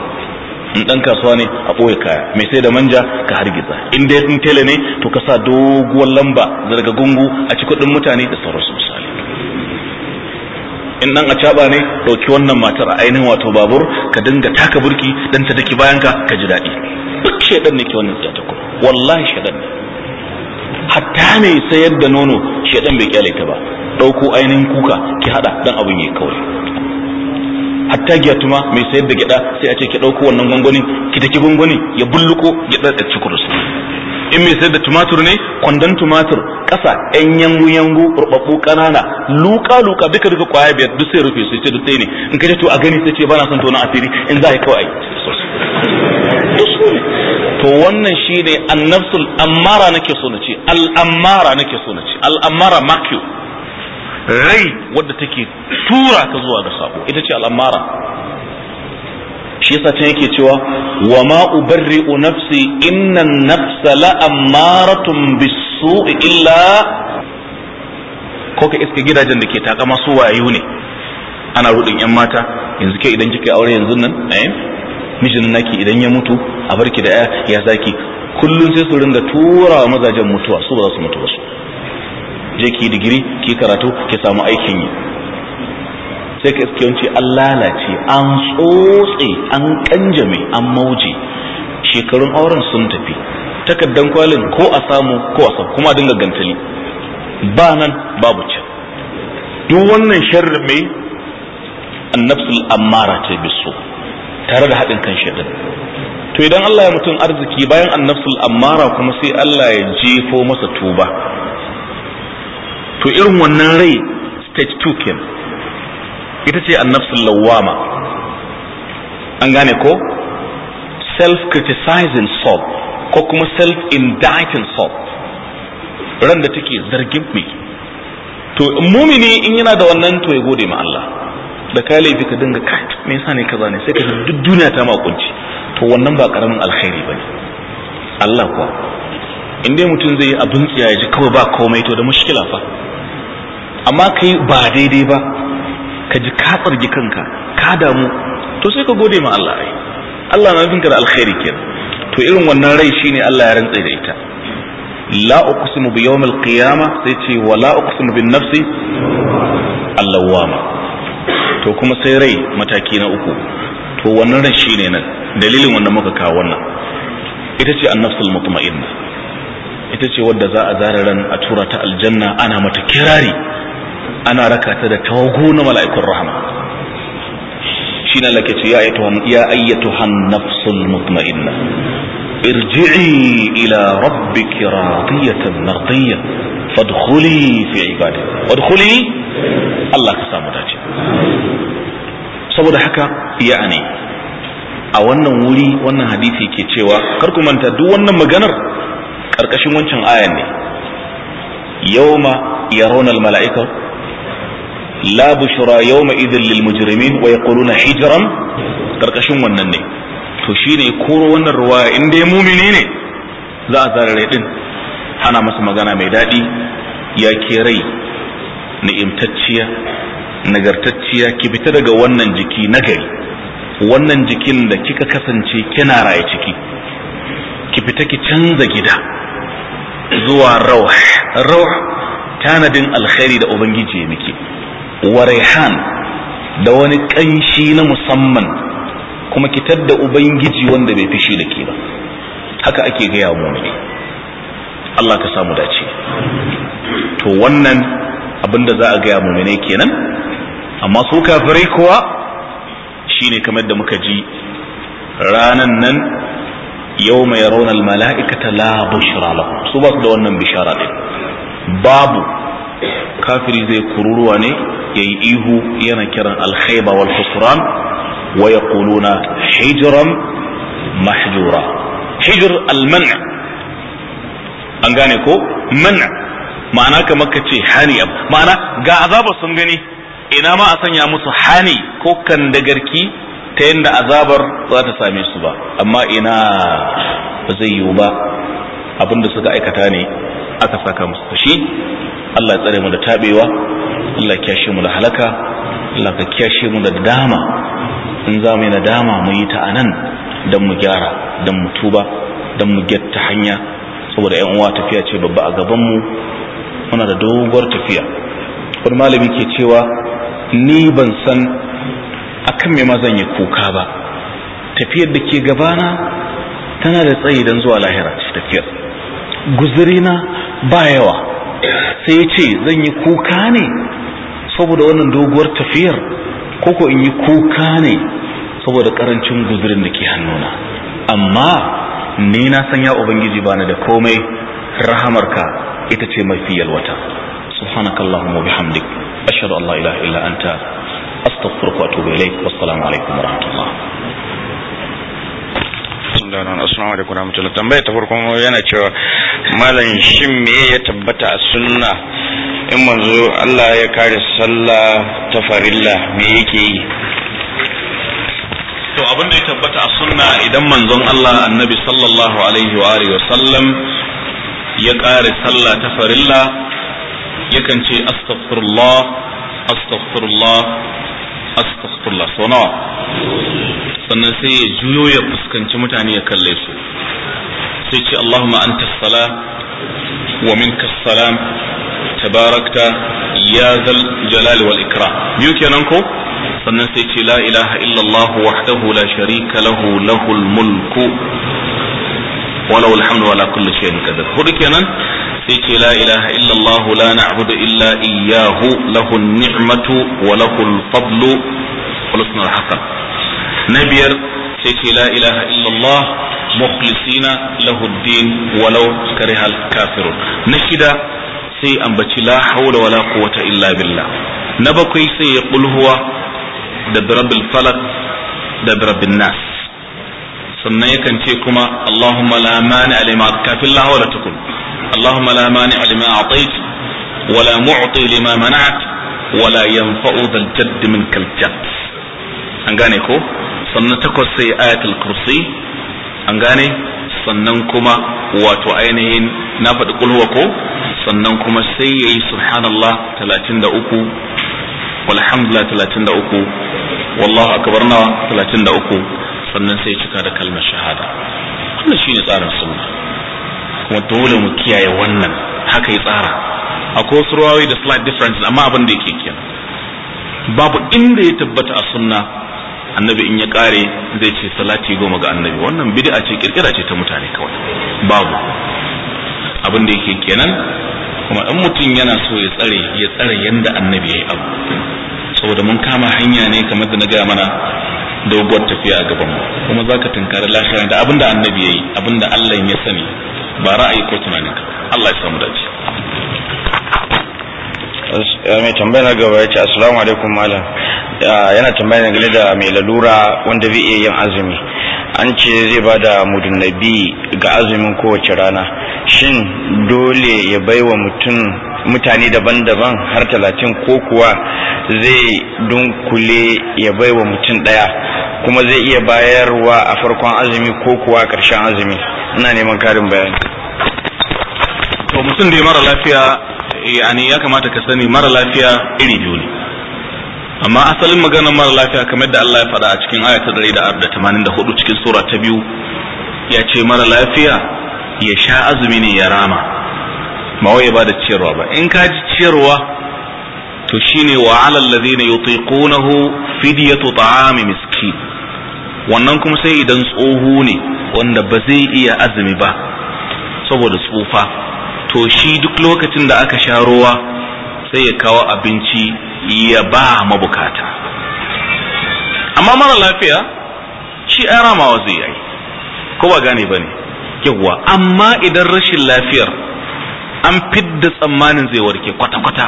Speaker 1: in dan kasuwa ne a ɓoye kaya mai sai da manja ka hargiza in dai in tele ne to ka sa doguwar lamba daga gungu a ci kuɗin mutane da sauransu misali in dan a caba ne ɗauki wannan matar a ainihin wato babur ka dinga taka burki dan ta daki bayan ka ka ji daɗi duk shaidan ne ke wannan ta kuma wallahi shaidan ne hatta mai sayar da nono shaidan bai kyale ta ba ɗauko ainihin kuka ki haɗa dan abin yi kawai hatta giya tuma mai sayar da gyada sai a ce ki dauko wannan gwangwanin ki taki gwangwanin ya bulluko gyada da cikurus in mai sayar da tumatur ne kwandon tumatur ƙasa yan yangu yangu rubabbu kanana luka luka duka duka kwaya biyar duk sai rufe su ce duk ne in ka to a gani sai ce bana son tona asiri in za a yi kawai to wannan shine annafsul ammara nake so na ce al ammara nake so na ce al ammara makyu rai wadda take tura ka zuwa ga sako ita ce al'amara shi yasa can yake cewa wa ma ubarri'u nafsi inna nafsa la'ammaratun bisu'i illa ko ka iska gidajen da ke takama su wayo ne ana rudin yan mata yanzu ke idan kika aure yanzu nan eh mijin naki idan ya mutu a barki da ya zaki kullun sai su ringa tura mazajen mutuwa su ba za su mutu ba su je ki digiri ki karatu ki samu aikin yi sai ka iske yawanci an lalace an tsotse an kanjame an mauje shekarun auren sun tafi takaddan kwalin ko a samu ko a samu kuma dinga gantali ba nan babu can duk wannan sharri mai annabsul amara ta biso tare da haɗin kan shaɗin to idan Allah ya mutum arziki bayan annabsul amara kuma sai Allah ya jefo masa tuba to irin wannan rai stage 2 ken, ita ce annafsul lawama an gane ko self-criticizing soul ko kuma self-indicting soul ran da take zargin mai to mumini in yana da wannan to ya gode ma Allah da ka laifi ka dinga ka me yasa ne kaza ne sai ka duk duniya ta ma kunci to wannan ba karamin alkhairi bane Allah kuwa in dai mutum zai yi abin tsiya ya ji kawai ba komai to da mushkila fa amma ka yi ba daidai ba ka ji ka tsargi kanka ka damu to sai ka gode ma Allah ai Allah na nufinka da alkhairi kenan to irin wannan rai shine Allah ya rantsa da ita la uqsimu bi yawmil qiyama sai ce wa la uqsimu bin nafsi allawama to kuma sai rai mataki na uku to wannan ran shine nan dalilin wanda muka kawo wannan ita ce annafsul mutma'inna ita ce wadda za a zara ran a tura ta aljanna ana mata kirari ana raka ta da tawago na mala'ikun rahama shi na lake ce ya ayyatu han nafsul mutma'inna irji'i ila rabbiki radiyatan mardiyya fadkhuli fi ibadi wadkhuli Allah ka samu dace saboda haka ya a wannan wuri wannan hadisi ke cewa kar ku manta duk wannan maganar karkashin wancan ayan ne yawma yarawna al malaika la bushra yawma idhil lil mujrimin wa yaquluna wannan ne to shine koro wannan ruwaya in dai mumini ne za a zarare din Hana masa magana mai daɗi. ya ke rai ni'imtacciya nagartacciya ki fita daga wannan jiki nagari wannan jikin da kika kasance kina raye ciki ki fita ki canza gida zuwa rauh rauh tanadin alkhairi da ubangiji ya miki wa da wani ƙanshi na musamman kuma kitar da ubangiji wanda bai fishi da ke ba haka ake gaya mu ne Allah ka samu dace to wannan abinda za a gaya mu ne kenan amma su kafirai kuwa shine kamar da muka ji ranan nan yau mai raunar mala'ikata la bushra lahu su ba su da wannan bishara din babu kafiri zai kururuwa ne ya yi ihu yana kiran alkhaiba wal husran wa ya kuluna hijiran mahjura hijir alman an gane ko man ma'ana kamar ka ce hani ma'ana ga azabar sun gani ina ma a sanya musu hani ko kan dagarki ta yadda azabar za ta same su ba amma ina ba zai yiwu ba abinda suka aikata ne aka saka musu shi Allah ya tsare mu da tabewa Allah ya kyashe mu da halaka Allah ka kyashe mu da dama in za mu yi nadama mu yi ta anan dan mu gyara dan mu tuba dan mu gyatta hanya saboda yan uwa tafiya ce babba a gaban mu muna da doguwar tafiya wani malami ke cewa ni ban san akan me ma zan yi kuka ba tafiyar da ke gabana tana da tsayi don zuwa lahira ce tafiyar na ba yawa sai ya ce zan yi kuka ne saboda wannan doguwar tafiyar koko in yi kuka ne saboda karancin guzurin da ke hannuna amma ni na san ya ubangiji bani da komai rahamarka ita ce mafi yalwata subhanakallahumma wa bihamdik ashhadu an la ilaha illa anta astaghfiruka wa atubu
Speaker 3: wa wassalamu alaikum wa rahmatullah London assalamu alaikum warahmatullahi tambaya ta farkon yana cewa malam shin me ya tabbata a sunna in manzo Allah ya kare sallah ta farilla me yake yi
Speaker 1: to abin da ya tabbata a sunna idan manzon Allah annabi sallallahu alaihi wa alihi wasallam ya kare sallah ta farilla yakan ce astaghfirullah astaghfirullah astaghfirullah so nawa sannan sai ya juyo ya fuskanci mutane ya kalle su sai ce Allahumma anta salam wa minka salam tabarakta ya zal jalali wal ikram biyu kenan ko sannan sai ce la ilaha illallah wahdahu la sharika lahu lahul mulku wa lahul hamdu kulli shay'in qadir hudu kenan سيك لا إله إلا الله لا نعبد إلا إياه له النعمة وله الفضل خلصنا الحق نبير سيك لا إله إلا الله مخلصين له الدين ولو كره الكافر نشد سي أن لا حول ولا قوة إلا بالله نبقي سي يقول هو دبرب الفلق دبرب الناس sannan yakan تيكما اللهم لا مانع لما alaima الله ولا تكون اللهم لا مانع لما أعطيت ولا معطي لما منعت ولا ينفع ذا الجد منك الجد انغاني أنقانيكو صنتكو سيئة الكرسي أنقاني صننكما وتعينهن نافد قل هو كو صننكما سيئي سبحان الله تلاتين دا والحمد لله تلاتين دا والله أكبرنا تلاتين دا أكو sannan sai cika da kalmar shahada wannan shine tsarin kuma dole mu kiyaye wannan haka ya tsara akwai wasu surawai da slight differences amma abin da yake kenan babu inda ya tabbata a sunna annabi in ya kare zai ce salati goma ga annabi wannan bid'a ce kirkira ce ta mutane kawai babu abin da yake kenan kuma dan mutum yana so ya tsare ya tsare yanda annabi ya yi abu saboda mun kama hanya ne kamar da na gaya mana doguwar tafiya a gaban kuma zaka tunkari lafiya da abinda annabi yayi
Speaker 3: abinda Allah ya sani
Speaker 1: ba ra'ayi ko tunaninka Allah ya samu dace
Speaker 3: mai tambayar na gaba ya ce assalamu alaikum malam yana tambaya game da mai lalura wanda bai iya yin azumi an ce zai ba da mudun ga azumin kowace rana shin dole ya baiwa mutum mutane daban-daban har talatin ko kuwa zai dunkule ya baiwa mutum ɗaya kuma zai iya bayarwa a farkon azumi ko kuwa karshen azumi ina neman karin bayani to mutum da mara lafiya
Speaker 1: Eh, yani ya kamata ka sani mara lafiya iri biyu ne amma asalin maganar mara lafiya kamar da Allah ya faɗa a cikin aya ta hudu cikin sura ta biyu ya ce mara lafiya ya sha azumi ne ya rama ba wai ba da ciyarwa ba in ka ji ciyarwa to shine wa alal ladina yutiqunahu fidyatu ta'am miski. wannan kuma sai idan tsoho ne wanda ba zai iya azumi ba saboda tsufa to shi duk lokacin da aka sha ruwa sai ya kawo abinci ya ba mabukata amma mara lafiya shi an ramawa zai yi ko ba gane ba ne yawwa amma idan rashin lafiyar an fidda tsammanin zai warke kwata-kwata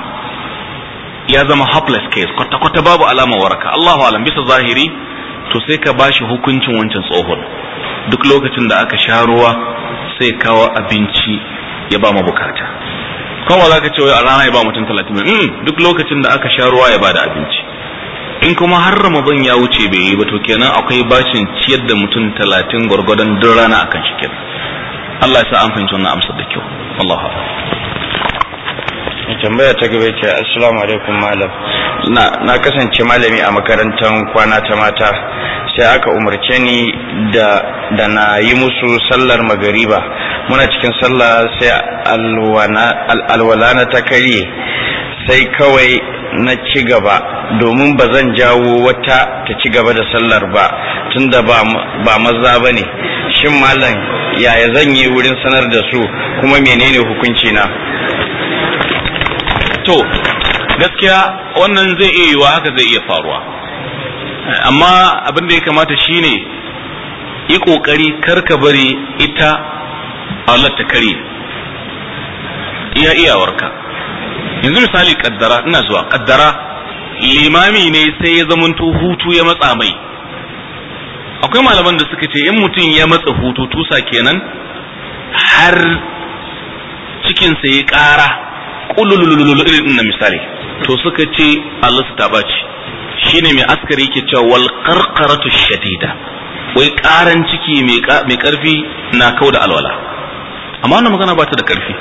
Speaker 1: ya zama hopeless case kwata-kwata babu alamar waraka Allahu alam bisa zahiri to sai ka bashi hukuncin wancan tsohon duk lokacin da aka sha ruwa sai kawo abinci ya ba mabukata kawai za ka ce wai a rana ya ba mutum talatin mm, duk lokacin da aka sha ruwa ya ba da abinci in kuma har ramadan ya wuce bai yi ba to kenan akwai bashin ciyar da mutum talatin gwargwadon duk rana akan shi kenan Allah ya sa an fahimci wannan amsar da kyau Allahu akbar
Speaker 3: tambaya ta gaba ce assalamu alaikum malam na na kasance malami a makarantar kwana ta mata sai aka umarce ni da da na yi musu sallar magariba muna cikin sallah sai alwala na ta karye sai kawai na ci gaba domin ba zan jawo wata ta ci gaba da sallar ba tunda ba maza ba ne shin malam yaya zan yi wurin sanar da su kuma menene hukunci na
Speaker 1: to gaskiya wannan zai iya yiwa haka zai iya faruwa amma abin da ya kamata shine yi kokari kar ka bari ita Allah ta kare iya iyawarka yanzu misali kaddara ina zuwa kaddara limami ne sai ya zamanto hutu ya matsa mai akwai malaman da suka ce in mutum ya matsa hutu tusa kenan har cikinsa ya ƙara ƙulululululu irin na misali to suka ce Allah su Shi shine mai askari yake cewa wal qarqaratu shadida wai ƙaran ciki mai ƙarfi na kau da alwala amma wannan magana ba ta da ƙarfi,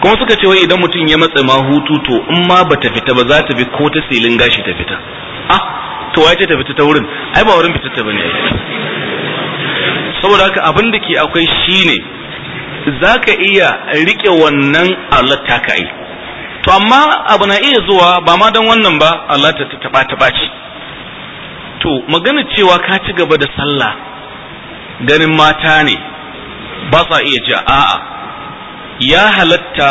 Speaker 1: kuma suka ce wai idan mutum ya matsa ma hutu to in ma ba ta fita ba za ta bi ko ta silin gashi ta fita ah to wace ta fita ta wurin ai ba wurin fitar ta bane saboda haka abin da ke akwai shine za ka iya rike wannan Allah ta kai to amma abu na iya zuwa ba ma don wannan ba Allah ta taba ta ce to magana cewa ka ci gaba da sallah ganin mata ne ba sa iya ja a'a ya halatta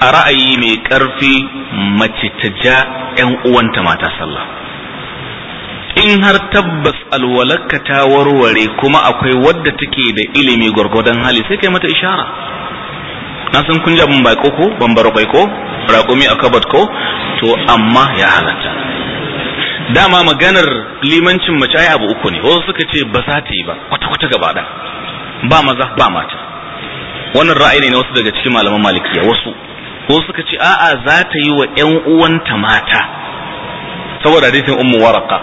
Speaker 1: a ra'ayi mai ƙarfi mace ta ja 'yan uwanta mata sallah in har tabbas alwalakka ta warware kuma akwai wadda take da ilimi gwargwadon hali sai kai mata ishara na san kun jabin baiko ko bambara baiko raƙumi a kabat ko to amma ya halatta dama maganar limancin mace ai abu uku ne wasu suka ce ba za ta yi ba kwata-kwata gaba ba maza ba mata wannan ra'ayi ne na wasu daga cikin malaman malikiya wasu ko suka ce a'a za ta yi wa ƴan uwanta mata saboda hadisin ummu waraka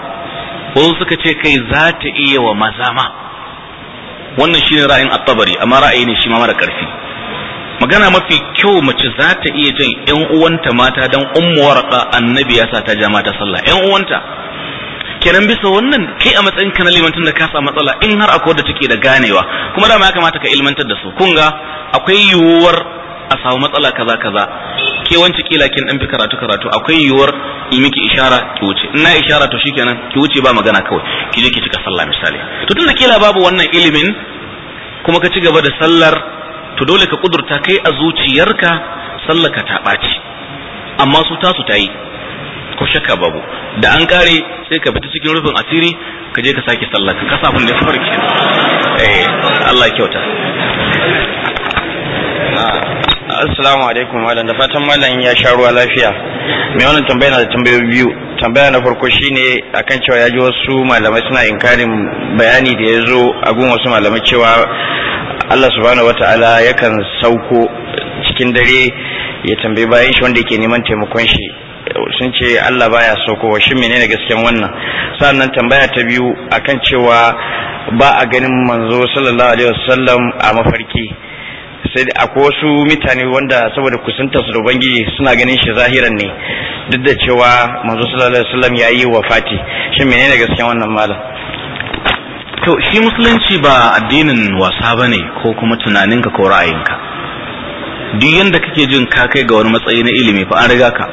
Speaker 1: ko suka ce kai za ta iya wa maza ma wannan shine ra'ayin at-tabari amma ra'ayi ne shi ma mara karfi magana mafi kyau mace za ta iya jan ƴan uwanta mata dan ummu waraka annabi ya sa ta ja mata sallah ƴan uwanta kenan bisa wannan kai a matsayin ka na limantar da ka samu matsala in har akwai wadda take da ganewa kuma dama ya kamata ka ilmantar da su kun ga akwai yiwuwar a samu matsala kaza kaza ke wance kila kin dan fi karatu karatu akwai yiwuwar yi miki ishara ki wuce ina ishara to shikenan ki wuce ba magana kawai ki je ki cika sallah misali to tunda kila babu wannan ilimin kuma ka ci gaba da sallar to dole ka kudurta kai a zuciyarka sallaka ta ɓaci amma su tasu ta yi ko shakka babu da an kare sai ka fita cikin
Speaker 3: rufin asiri ka je ka sake sallah ka kasa da farki eh Allah kyauta ah, assalamu alaikum malam da fatan malam ya sha ruwa lafiya mai wannan tambaya na da tambayoyi biyu tambaya na farko shine akan cewa ya ji wasu malamai suna inkarin bayani da ya zo a gun wasu malamai cewa Allah subhanahu wataala yakan sauko cikin dare ya tambayi bayan shi wanda yake neman taimakon shi sun ce Allah baya so ko shin menene gasken wannan sannan tambaya ta biyu akan cewa ba a ganin manzo sallallahu alaihi wasallam a mafarki sai akwai wasu mutane wanda saboda kusantar su da ubangiji suna ganin shi zahiran ne duk da cewa manzo sallallahu alaihi wasallam ya yi wafati shin menene gasken wannan malam to shi musulunci ba addinin wasa bane
Speaker 1: ko kuma tunaninka ko ra'ayinka duk yanda kake jin ka kai ga wani matsayi na ilimi fa an riga ka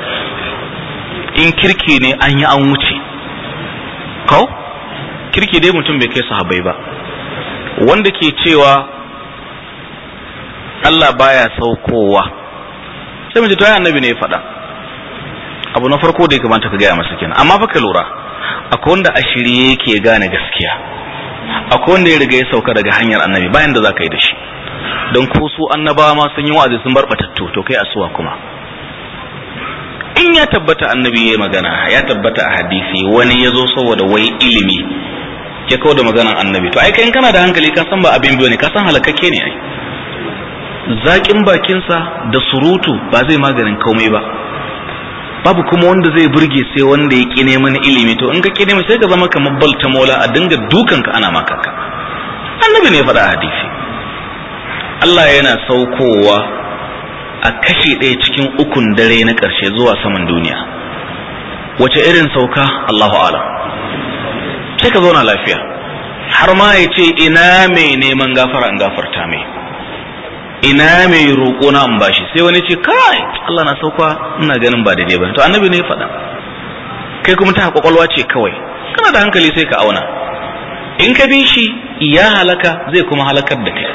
Speaker 1: in kirki ne an yi an wuce ko kirki dai mutum bai kai sahabbai ba wanda ke cewa Allah baya saukowa sai mace ta annabi ne ya faɗa abu na farko da ya kamata ka gaya masa kenan amma baka lura akwai wanda a shirye yake gane gaskiya akwai wanda ya riga ya sauka daga hanyar annabi bayan da za ka yi da shi don ko annabawa ma sun yi wa'azi sun barbatattu to kai suwa kuma in ya tabbata annabi ya magana ya tabbata a hadisi wani ya zo saboda wai ilimi ya kawo da maganar annabi to ai kai in kana da hankali ka san ba abin biyu ne ka san halakakke ne ai zaƙin bakinsa da surutu ba zai maganin komai ba babu kuma wanda zai burge sai wanda ya kine neman ilimi to in ka kine neman sai ka zama kamar balta mola a dinga dukanka ana ka annabi ne ya faɗa hadisi Allah yana saukowa a kashe ɗaya cikin ukun dare na ƙarshe zuwa saman duniya wace irin sauka Allahu alam sai ka zauna lafiya har ma ya ce ina mai neman gafara an gafarta mai ina mai roƙo na an bashi sai wani ce kai Allah na sauka ina ganin ba daidai ba to annabi ne ya faɗa kai kuma ta kwakwalwa ce kawai kana da hankali sai ka auna in ka bi shi ya halaka zai kuma halakar da kai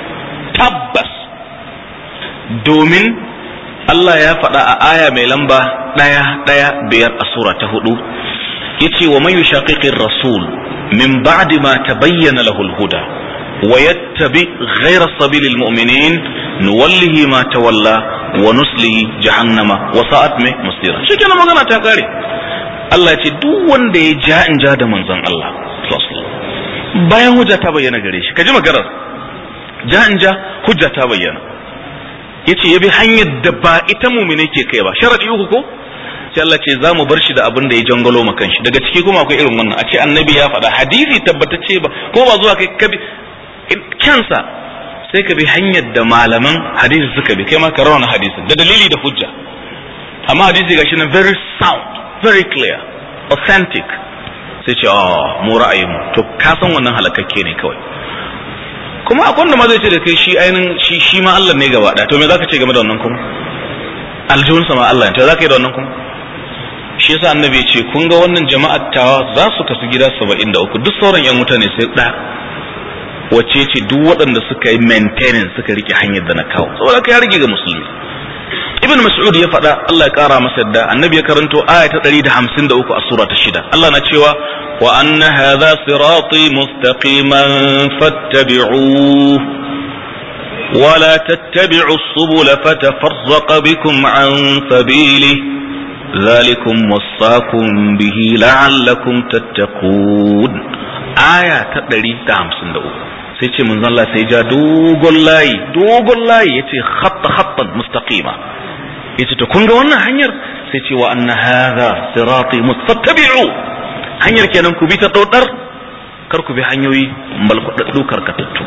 Speaker 1: tabbas domin Allah ya faɗa a aya mai lamba ɗaya ɗaya biyar a sura ta hudu yace wa mayu yushaqiqir rasul min ba'di ma tabayyana lahu al-huda wa yattabi ghayra sabilil mu'minin nuwallihi ma tawalla wa nuslihi jahannama wa sa'at mai masira shikenan magana ta kare Allah ya ce duk wanda ya ja in ja da manzon Allah bayan hujja ta bayyana gare shi kaji magana. ja in ja hujja ta bayyana yace ya bi hanyar da ba ita mumine ke kai ba sharadi uku ko sai Allah ce za mu bar shi da abin da ya jangalo ma kanshi daga ciki kuma akwai irin wannan a ce annabi ya faɗa hadisi tabbatacce ba ko ba zuwa kai kabi kansa sai ka bi hanyar da malaman hadisi suka bi kai ma ka rawana hadisi da dalili da hujja amma hadisi gashi na very sound very clear authentic sai ce ah mu ra'ayin mu to ka san wannan halakakke ne kawai kuma akwai wanda ma zai ce da kai shi ainihin shi shi ma Allah ne gaba to me zaka ce game da wannan kuma aljihunsa ma Allah ne to zaka yi da wannan kuma shi yasa annabi ce kun ga wannan jama'ar tawa za su kasu gida uku, duk sauran yan wuta ne sai ɗa, wacce ce duk waɗanda suka yi maintenance suka rike hanyar da na kawo saboda kai ya rage ga musulmi ibn mas'ud ya faɗa Allah ya ƙara masa yadda annabi ya karanto aya ta 153 a sura ta shida Allah na cewa wa anna hadha sirati mustaqiman fattabi'uhu wa la tattabi'u subula fatafarraqa bikum an sabilihi ذلكم وصاكم به لعلكم تتقون آية تقدري تامسن دقوق sai ce mun zalla sai ja dogon layi dogon layi yace khatta khattan mustaqima ce to kun ga wannan hanyar sai ce wa anna hadha sirati mustattabi'u hanyar kenan ku bi ta daudar kar ku bi hanyoyi malkudaddu karkatattu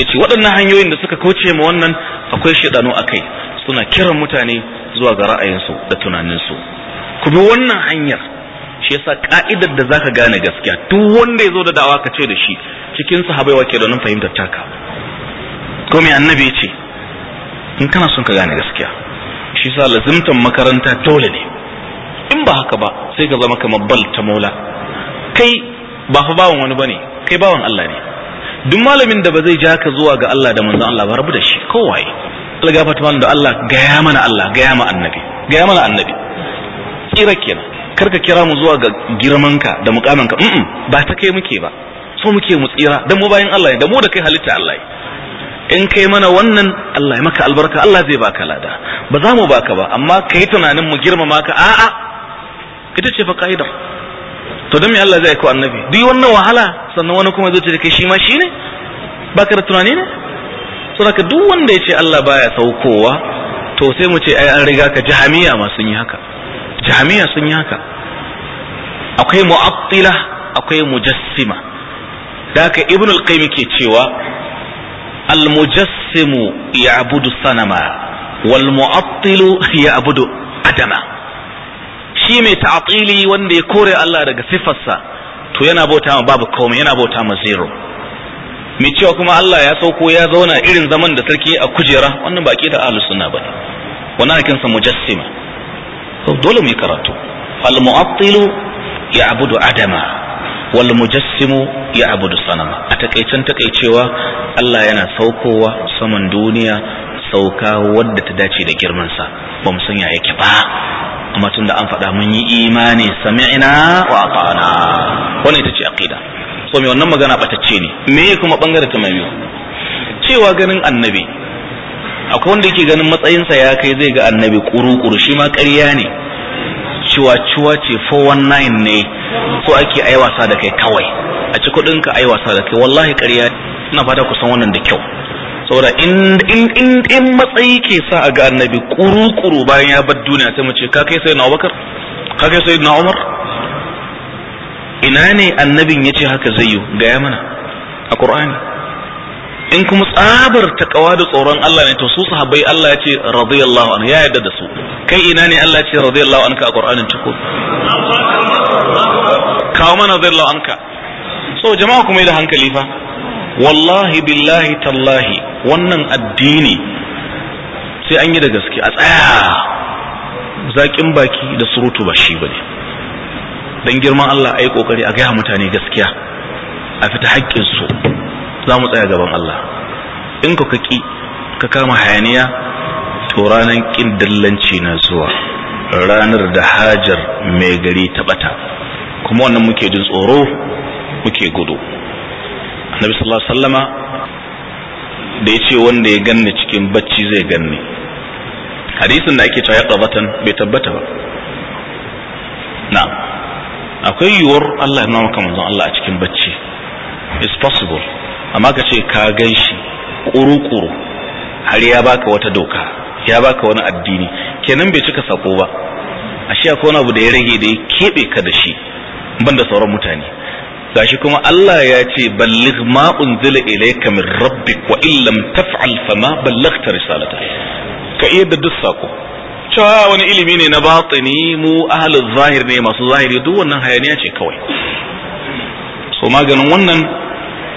Speaker 1: yace waɗannan hanyoyin da suka kauce ma wannan akwai shedanu akai suna kiran mutane zuwa ga ra'ayinsu da tunaninsu ku bi wannan hanyar shi yasa ka'idar da zaka gane gaskiya duk wanda ya zo da da'awa ka ce da shi cikin sahabai wake da nan fahimtar taka ko me annabi ya ce in kana son ka gane gaskiya shi yasa lazimtan makaranta dole ne in ba haka ba sai ka zama kamar bal ta maula kai ba fa bawan wani bane kai bawan Allah ne duk malamin da ba zai ja ka zuwa ga Allah da manzon Allah ba rabu da shi kowaye algafata da Allah gaya mana Allah gaya mana annabi gaya mana annabi tsira kenan Kar ka kira mu zuwa ga girmanka da mukamanka mm ba ta kai muke ba so muke mu tsira dan mu bayan Allah ne da mu da kai halitta Allah in kai mana wannan Allah ya maka albarka Allah zai baka lada ba za mu baka ba amma kai tunanin mu girmama ka a'a ita ce fa ka'idar to dan me Allah zai aiko annabi duk wannan wahala sannan wani kuma zai ce kai shi ma shi ne baka da tunani ne saboda duk wanda ya ce Allah baya saukowa to sai mu ce ai an riga ka jahamiya ma sun yi haka jami'a sun yi haka akwai mu'attila akwai mujassima da haka ibn al-qayyim ke cewa al-mujassimu ya'budu sanama wal mu'attilu ya'budu adama shi mai ta'atili wanda ya kore Allah daga sifarsa to yana bauta ma babu komai yana bauta ma zero mai cewa kuma Allah ya sauko ya zauna irin zaman da sarki a kujera wannan ba kida ahlus sunna bane wannan akinsa mujassima to dole mu karatu al mu'attilu ya'budu adama wal mujassimu ya'budu sanama a takaicen takaicewa Allah yana saukowa saman duniya sauka wadda ta dace da girman sa ba mu san ya yake ba amma tunda an faɗa mun yi imani sami'na wa ata'na wannan ita ce aqida so me wannan magana ce ne me kuma bangare ta mai cewa ganin annabi akwai wanda yake ganin matsayinsa ya kai zai ga annabi kuru shi ma ƙarya ne ciwa-ciwa ce 419 ne ko ake ai wasa da kai kawai a ci kuɗin ka da kai wallahi ƙarya ina fata ku san wannan da kyau saboda in in matsayi ke sa a ga annabi kuru bayan ya bar duniya sai mu ce ka kai sayyidina Abubakar ka kai sayyidina Umar ina ne annabin yace haka zai yi ga mana a Qur'ani in kuma tsabar takawa da tsoron Allah ne to su sahabbai Allah ya ce radiyallahu anhu ya yarda da su kai ina ne Allah ya ce radiyallahu anka a Qur'anin ciko kawo mana radiyallahu anka so jama'a kuma da hankali fa wallahi billahi tallahi wannan addini sai an yi da gaske a tsaya zaƙin baki da surutu ba shi bane dan girman Allah ai kokari a gaya mutane gaskiya a fita haƙƙin su za mu tsaya gaban Allah in ku ka ki ka kama hayaniya to ranar kin dillanci na zuwa ranar da hajar mai gari ta bata kuma wannan muke jin tsoro muke gudu annabi sallallahu alaihi wasallama da ya ce wanda ya ganni cikin bacci zai ganni hadisin da ake cewa ya bai tabbata ba na'am akwai yiwuwar Allah ya nuna maka manzon Allah a cikin bacci is possible amma ka ce ka gan shi ƙuruƙuru har ya baka wata doka ya baka wani addini kenan bai cika sako ba ashe akwai wani abu da ya rage da ya keɓe ka da shi ban da sauran mutane gashi kuma Allah ya ce ballig ma unzila ilayka min rabbik wa illam taf'al fa ma ballaghta risalata ka iya da duk sako cewa wani ilimi ne na batini mu ahli zahir ne masu zahiri duk wannan hayaniya ce kawai so maganin wannan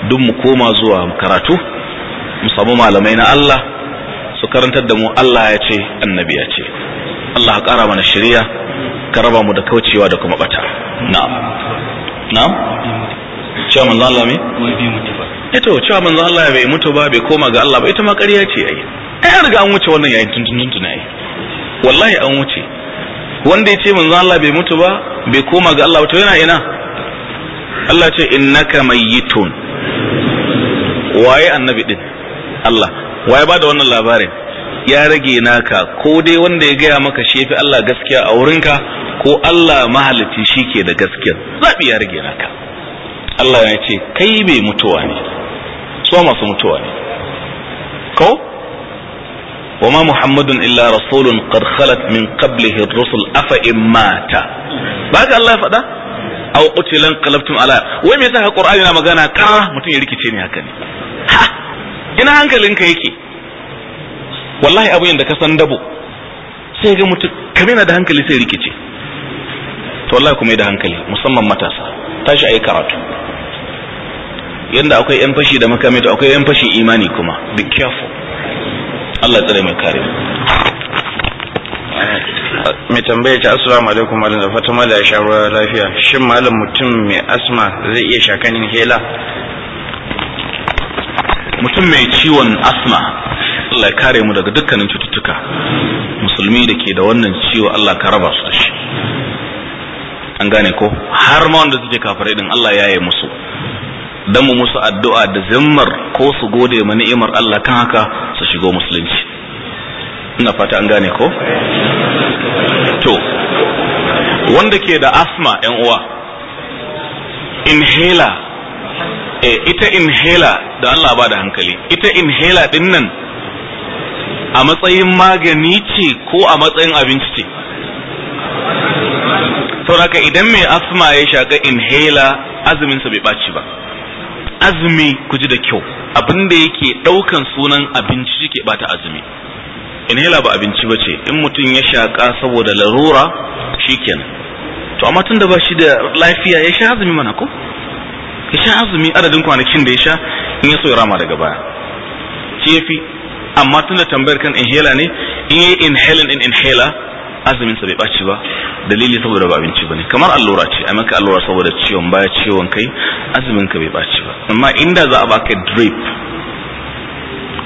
Speaker 1: duk mu koma zuwa karatu mu samu malamai na Allah su karantar da mu Allah ya ce annabi ya ce Allah ya kara mana shari'a ka raba mu da kaucewa da kuma bata na'am na'am cewa manzo Allah me ita eh cewa manzo Allah bai mutu ba bai koma ga Allah ba ita ma ƙarya ce ai ai an riga an wuce wannan yayin tuntun tun ai wallahi an wuce wanda ya ce manzo Allah bai mutu ba bai koma ga Allah ba to yana ina Allah ce innaka mayyitun waye annabi din Allah waye ba da wannan labarin ya rage naka ko dai wanda ya gaya maka shefi Allah gaskiya a wurinka ko Allah mahalici shi ke da gaskiya zaɓi ya rage naka Allah ya ce kai mai mutuwa ne su masu mutuwa ne ko وما محمد إلا رسول قد خلت من قبله الرسل أفإن مات بعد الله فدا aw qutilan qalabtum ala wai me yasa qur'ani na magana ka mutum ya rikice ne haka ne ha ina hankalinka yake wallahi abu da ka san dabo sai ga mutum kame na da hankali sai rikice to wallahi kuma da hankali musamman matasa tashi ayi karatu yanda akwai yan fashi da makami akwai yan fashi imani kuma be careful
Speaker 3: Allah ya tsare mai kare mai tambaya ta assalamu alaikum malam da fata mala ya sha lafiya shin malam mutum mai asma zai iya shakan hela?
Speaker 1: mutum mai ciwon asma Allah ya kare mu daga dukkanin cututtuka musulmi da ke da wannan ciwo Allah ka raba su da shi an gane ko har ma wanda suke kafare din Allah ya yi musu dan mu musu addu'a da zimmar ko su gode ma ni'imar Allah kan haka su shigo musulunci ina fata an gane ko to wanda ke da asma yan uwa inhaler e, ita inhaler da Allah ba da hankali ita inhaler din nan a matsayin magani ce ko a matsayin abinci ce sauraka idan mai asma ya shaga inhaler azuminsa bai ɓaci ba azumi ku ji da kyau abin da yake ɗaukan sunan abinci ke bata azumi inhaler ba abinci ba ce in mutum ya shaƙa saboda larura shikenan to amma tun da ba shi da lafiya ya sha azumi mana ko ya sha azumi adadin kwanakin da ya sha in ya so ya rama daga baya ce ya fi amma tun da tambayar kan inhaler ne in yi inhaler in inhaler azumin sa bai ɓaci ba dalili saboda ba abinci ba ne kamar allura ce a maka allura saboda ciwon baya ciwon kai azumin ka bai ɓaci ba amma inda za a baka drip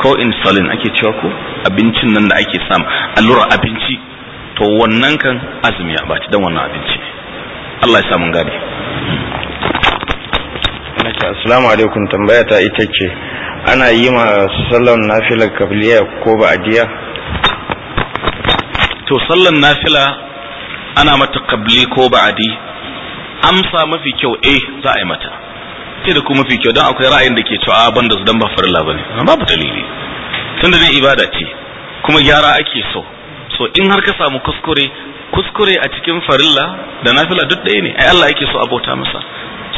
Speaker 1: ko insulin ake cewa ko abincin nan da ake samu allura abinci to wannan kan
Speaker 3: azumi ya baci dan wannan abinci Allah ya samu gane Assalamu alaikum tambaya ta ita ce ana yi ma sallan nafila kabiliya ko ba adiya
Speaker 1: to sallan nafila ana mata kabli ko adi amsa mafi kyau eh za a yi mata ce da ku mafi kyau don akwai ra'ayin da ke cewa ah, ban da su don ba farilla ne amma ba dalili tun da dai ibada ce kuma gyara ake so so in har ka samu kuskure kuskure a cikin farilla da nafila duk ɗaya ne ai Allah yake so abota masa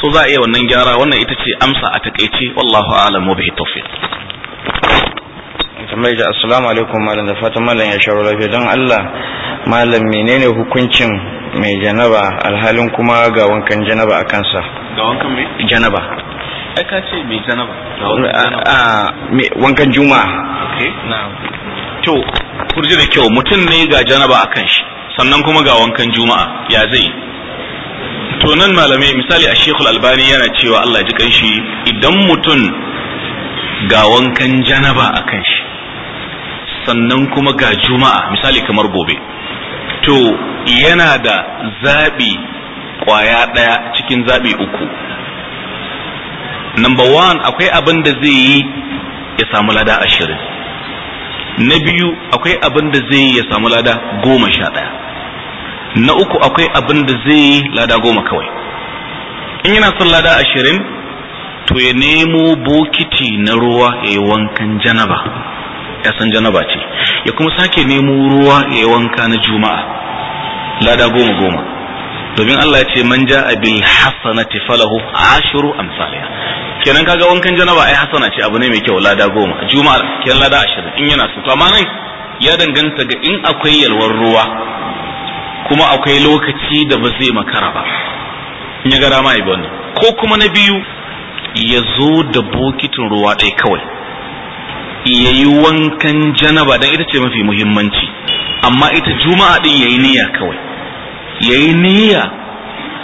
Speaker 1: so za a iya wannan gyara wannan ita ce amsa a takaice wallahu a'lam wa bihi tawfiq
Speaker 3: tambayi da assalamu alaikum malam da fatan malam ya shawara lafiya don Allah malam menene hukuncin mai janaba alhalin kuma ga wankan janaba a kansa
Speaker 1: ga wankan mai janaba ai ka ce mai janaba
Speaker 3: ah, ah, wankan juma'a
Speaker 1: okay na to kurji da kyau mutum ne ga janaba a kan shi sannan kuma ga wankan juma'a ya zai to nan malamai misali a shekul albani yana cewa Allah ji kanshi shi idan mutum ga wankan janaba a kan shi sannan kuma ga juma'a misali kamar gobe to yana da zaɓi ƙwaya ɗaya cikin zaɓi uku number one akwai abin da zai yi ya samu lada ashirin na biyu akwai abin da zai yi ya samu lada goma sha ɗaya na uku akwai abin da zai yi lada goma kawai in yana son lada ashirin to ya nemo bokiti na ruwa ya yi wankan janaba ya san janaba ce ya kuma sake nemo ruwa ya yi wanka na juma'a lada goma goma domin Allah ya ce man ja'a bil hasanati falahu ashru amsalha kenan kaga wankan janaba ai hasana ce abu ne mai kyau lada goma juma'a kenan lada 20 in yana so to amma nan ya danganta ga in akwai yalwar ruwa kuma akwai lokaci da ba zai makara ba in ya gara dama ko kuma na biyu ya zo da bokitin ruwa ɗaya kawai ya yi wankan janaba don ita ce mafi muhimmanci amma ita juma'a din ya yi niyya kawai ya yi niyya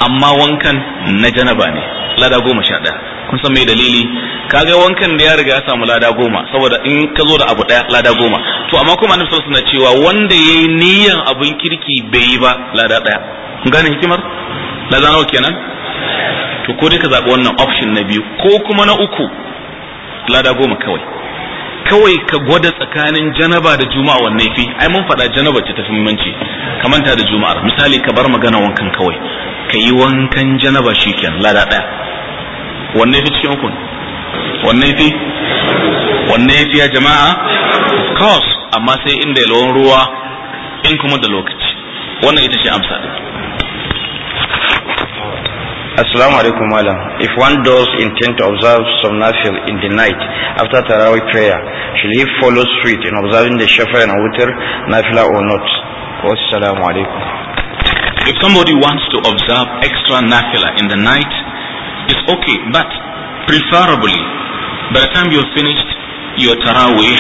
Speaker 1: amma wankan na janaba ne lada goma sha ɗaya kun san mai dalili kaga wankan da ya riga ya samu lada goma saboda in ka zo da abu ɗaya lada goma to amma kuma na suna cewa wanda yayi niyyan abin kirki bai yi ba lada ɗaya kun gane hikimar lada nawa kenan to ko dai ka zaɓi wannan option na biyu ko kuma na uku lada goma kawai kawai ka gwada tsakanin janaba da juma'a wanne fi ai mun faɗa janaba ce ta tafi muhimmanci kamanta da juma'ar misali ka bar magana wankan kawai ka yi wankan janaba shikenan lada ɗaya wanne fi cikin hukun wanne fi wanne fi ya jama'a of course amma sai inda yalwan ruwa in kuma da lokaci wannan ita ce amsa
Speaker 3: Assalamu alaikum malam. If one does intend to observe some nafil in the night after taraweeh prayer, should he follow suit in observing the Shafa and Awutir nafila or not? Wassalamu alaikum.
Speaker 1: If somebody wants to observe extra nafila in the night, it's okay, but preferably by the time you've finished your taraweeh,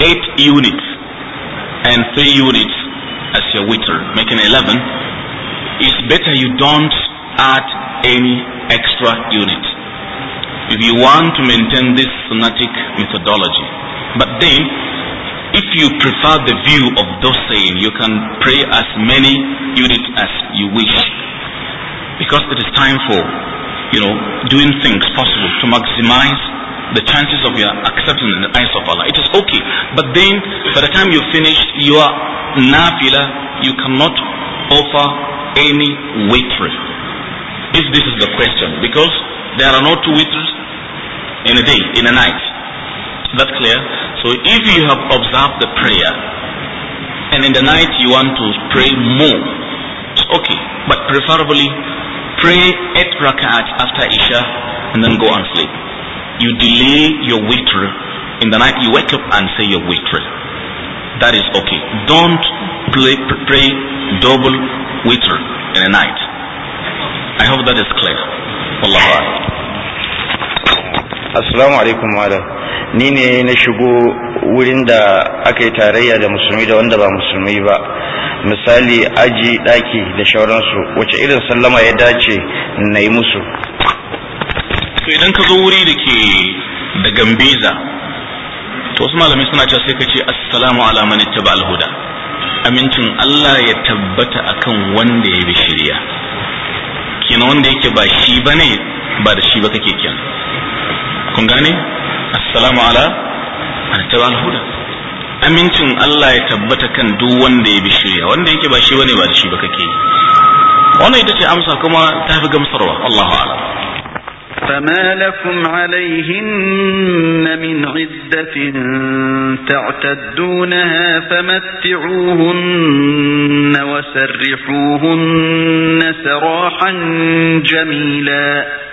Speaker 1: 8 units and 3 units as your witr, making 11, it's better you don't add any extra unit if you want to maintain this sunnatic methodology. But then, if you prefer the view of those saying, you can pray as many units as you wish. Because it is time for, you know, doing things possible to maximize the chances of your acceptance in the eyes of Allah. It is okay. But then, by the time you finish your nafila, you cannot offer any waqf if this is the question because there are no two witr in a day in a night that's clear so if you have observed the prayer and in the night you want to pray more it's okay but preferably pray eight rakat after Isha and then go and sleep you delay your witr in the night you wake up and say your witr that is okay don't play, pray double witr in a night I hope that is clear. Wallahu
Speaker 3: Assalamu alaikum malam. Ni ne na shigo wurin da aka yi tarayya da musulmi da wanda ba musulmi ba. Misali aji daki da shauransu wace irin sallama ya dace na yi musu.
Speaker 1: To idan ka zo wuri da ke da gambeza to wasu malamai suna cewa sai ka ce assalamu ala man ittaba al-huda amincin Allah ya tabbata akan wanda ya bi shari'a kenan wanda yake ba shi ba ne ba da shi ba kake kenan kun gane assalamu ala al huda amincin Allah ya tabbata kan duk wanda ya bi shirya wanda yake ba shi ba ne ba da shi ba kake wannan ita ce amsa kuma ta fi gamsarwa Allahu a'lam
Speaker 2: فما لكم عليهن من عدة تعتدونها فمتعوهن وسرحوهن سراحا جميلا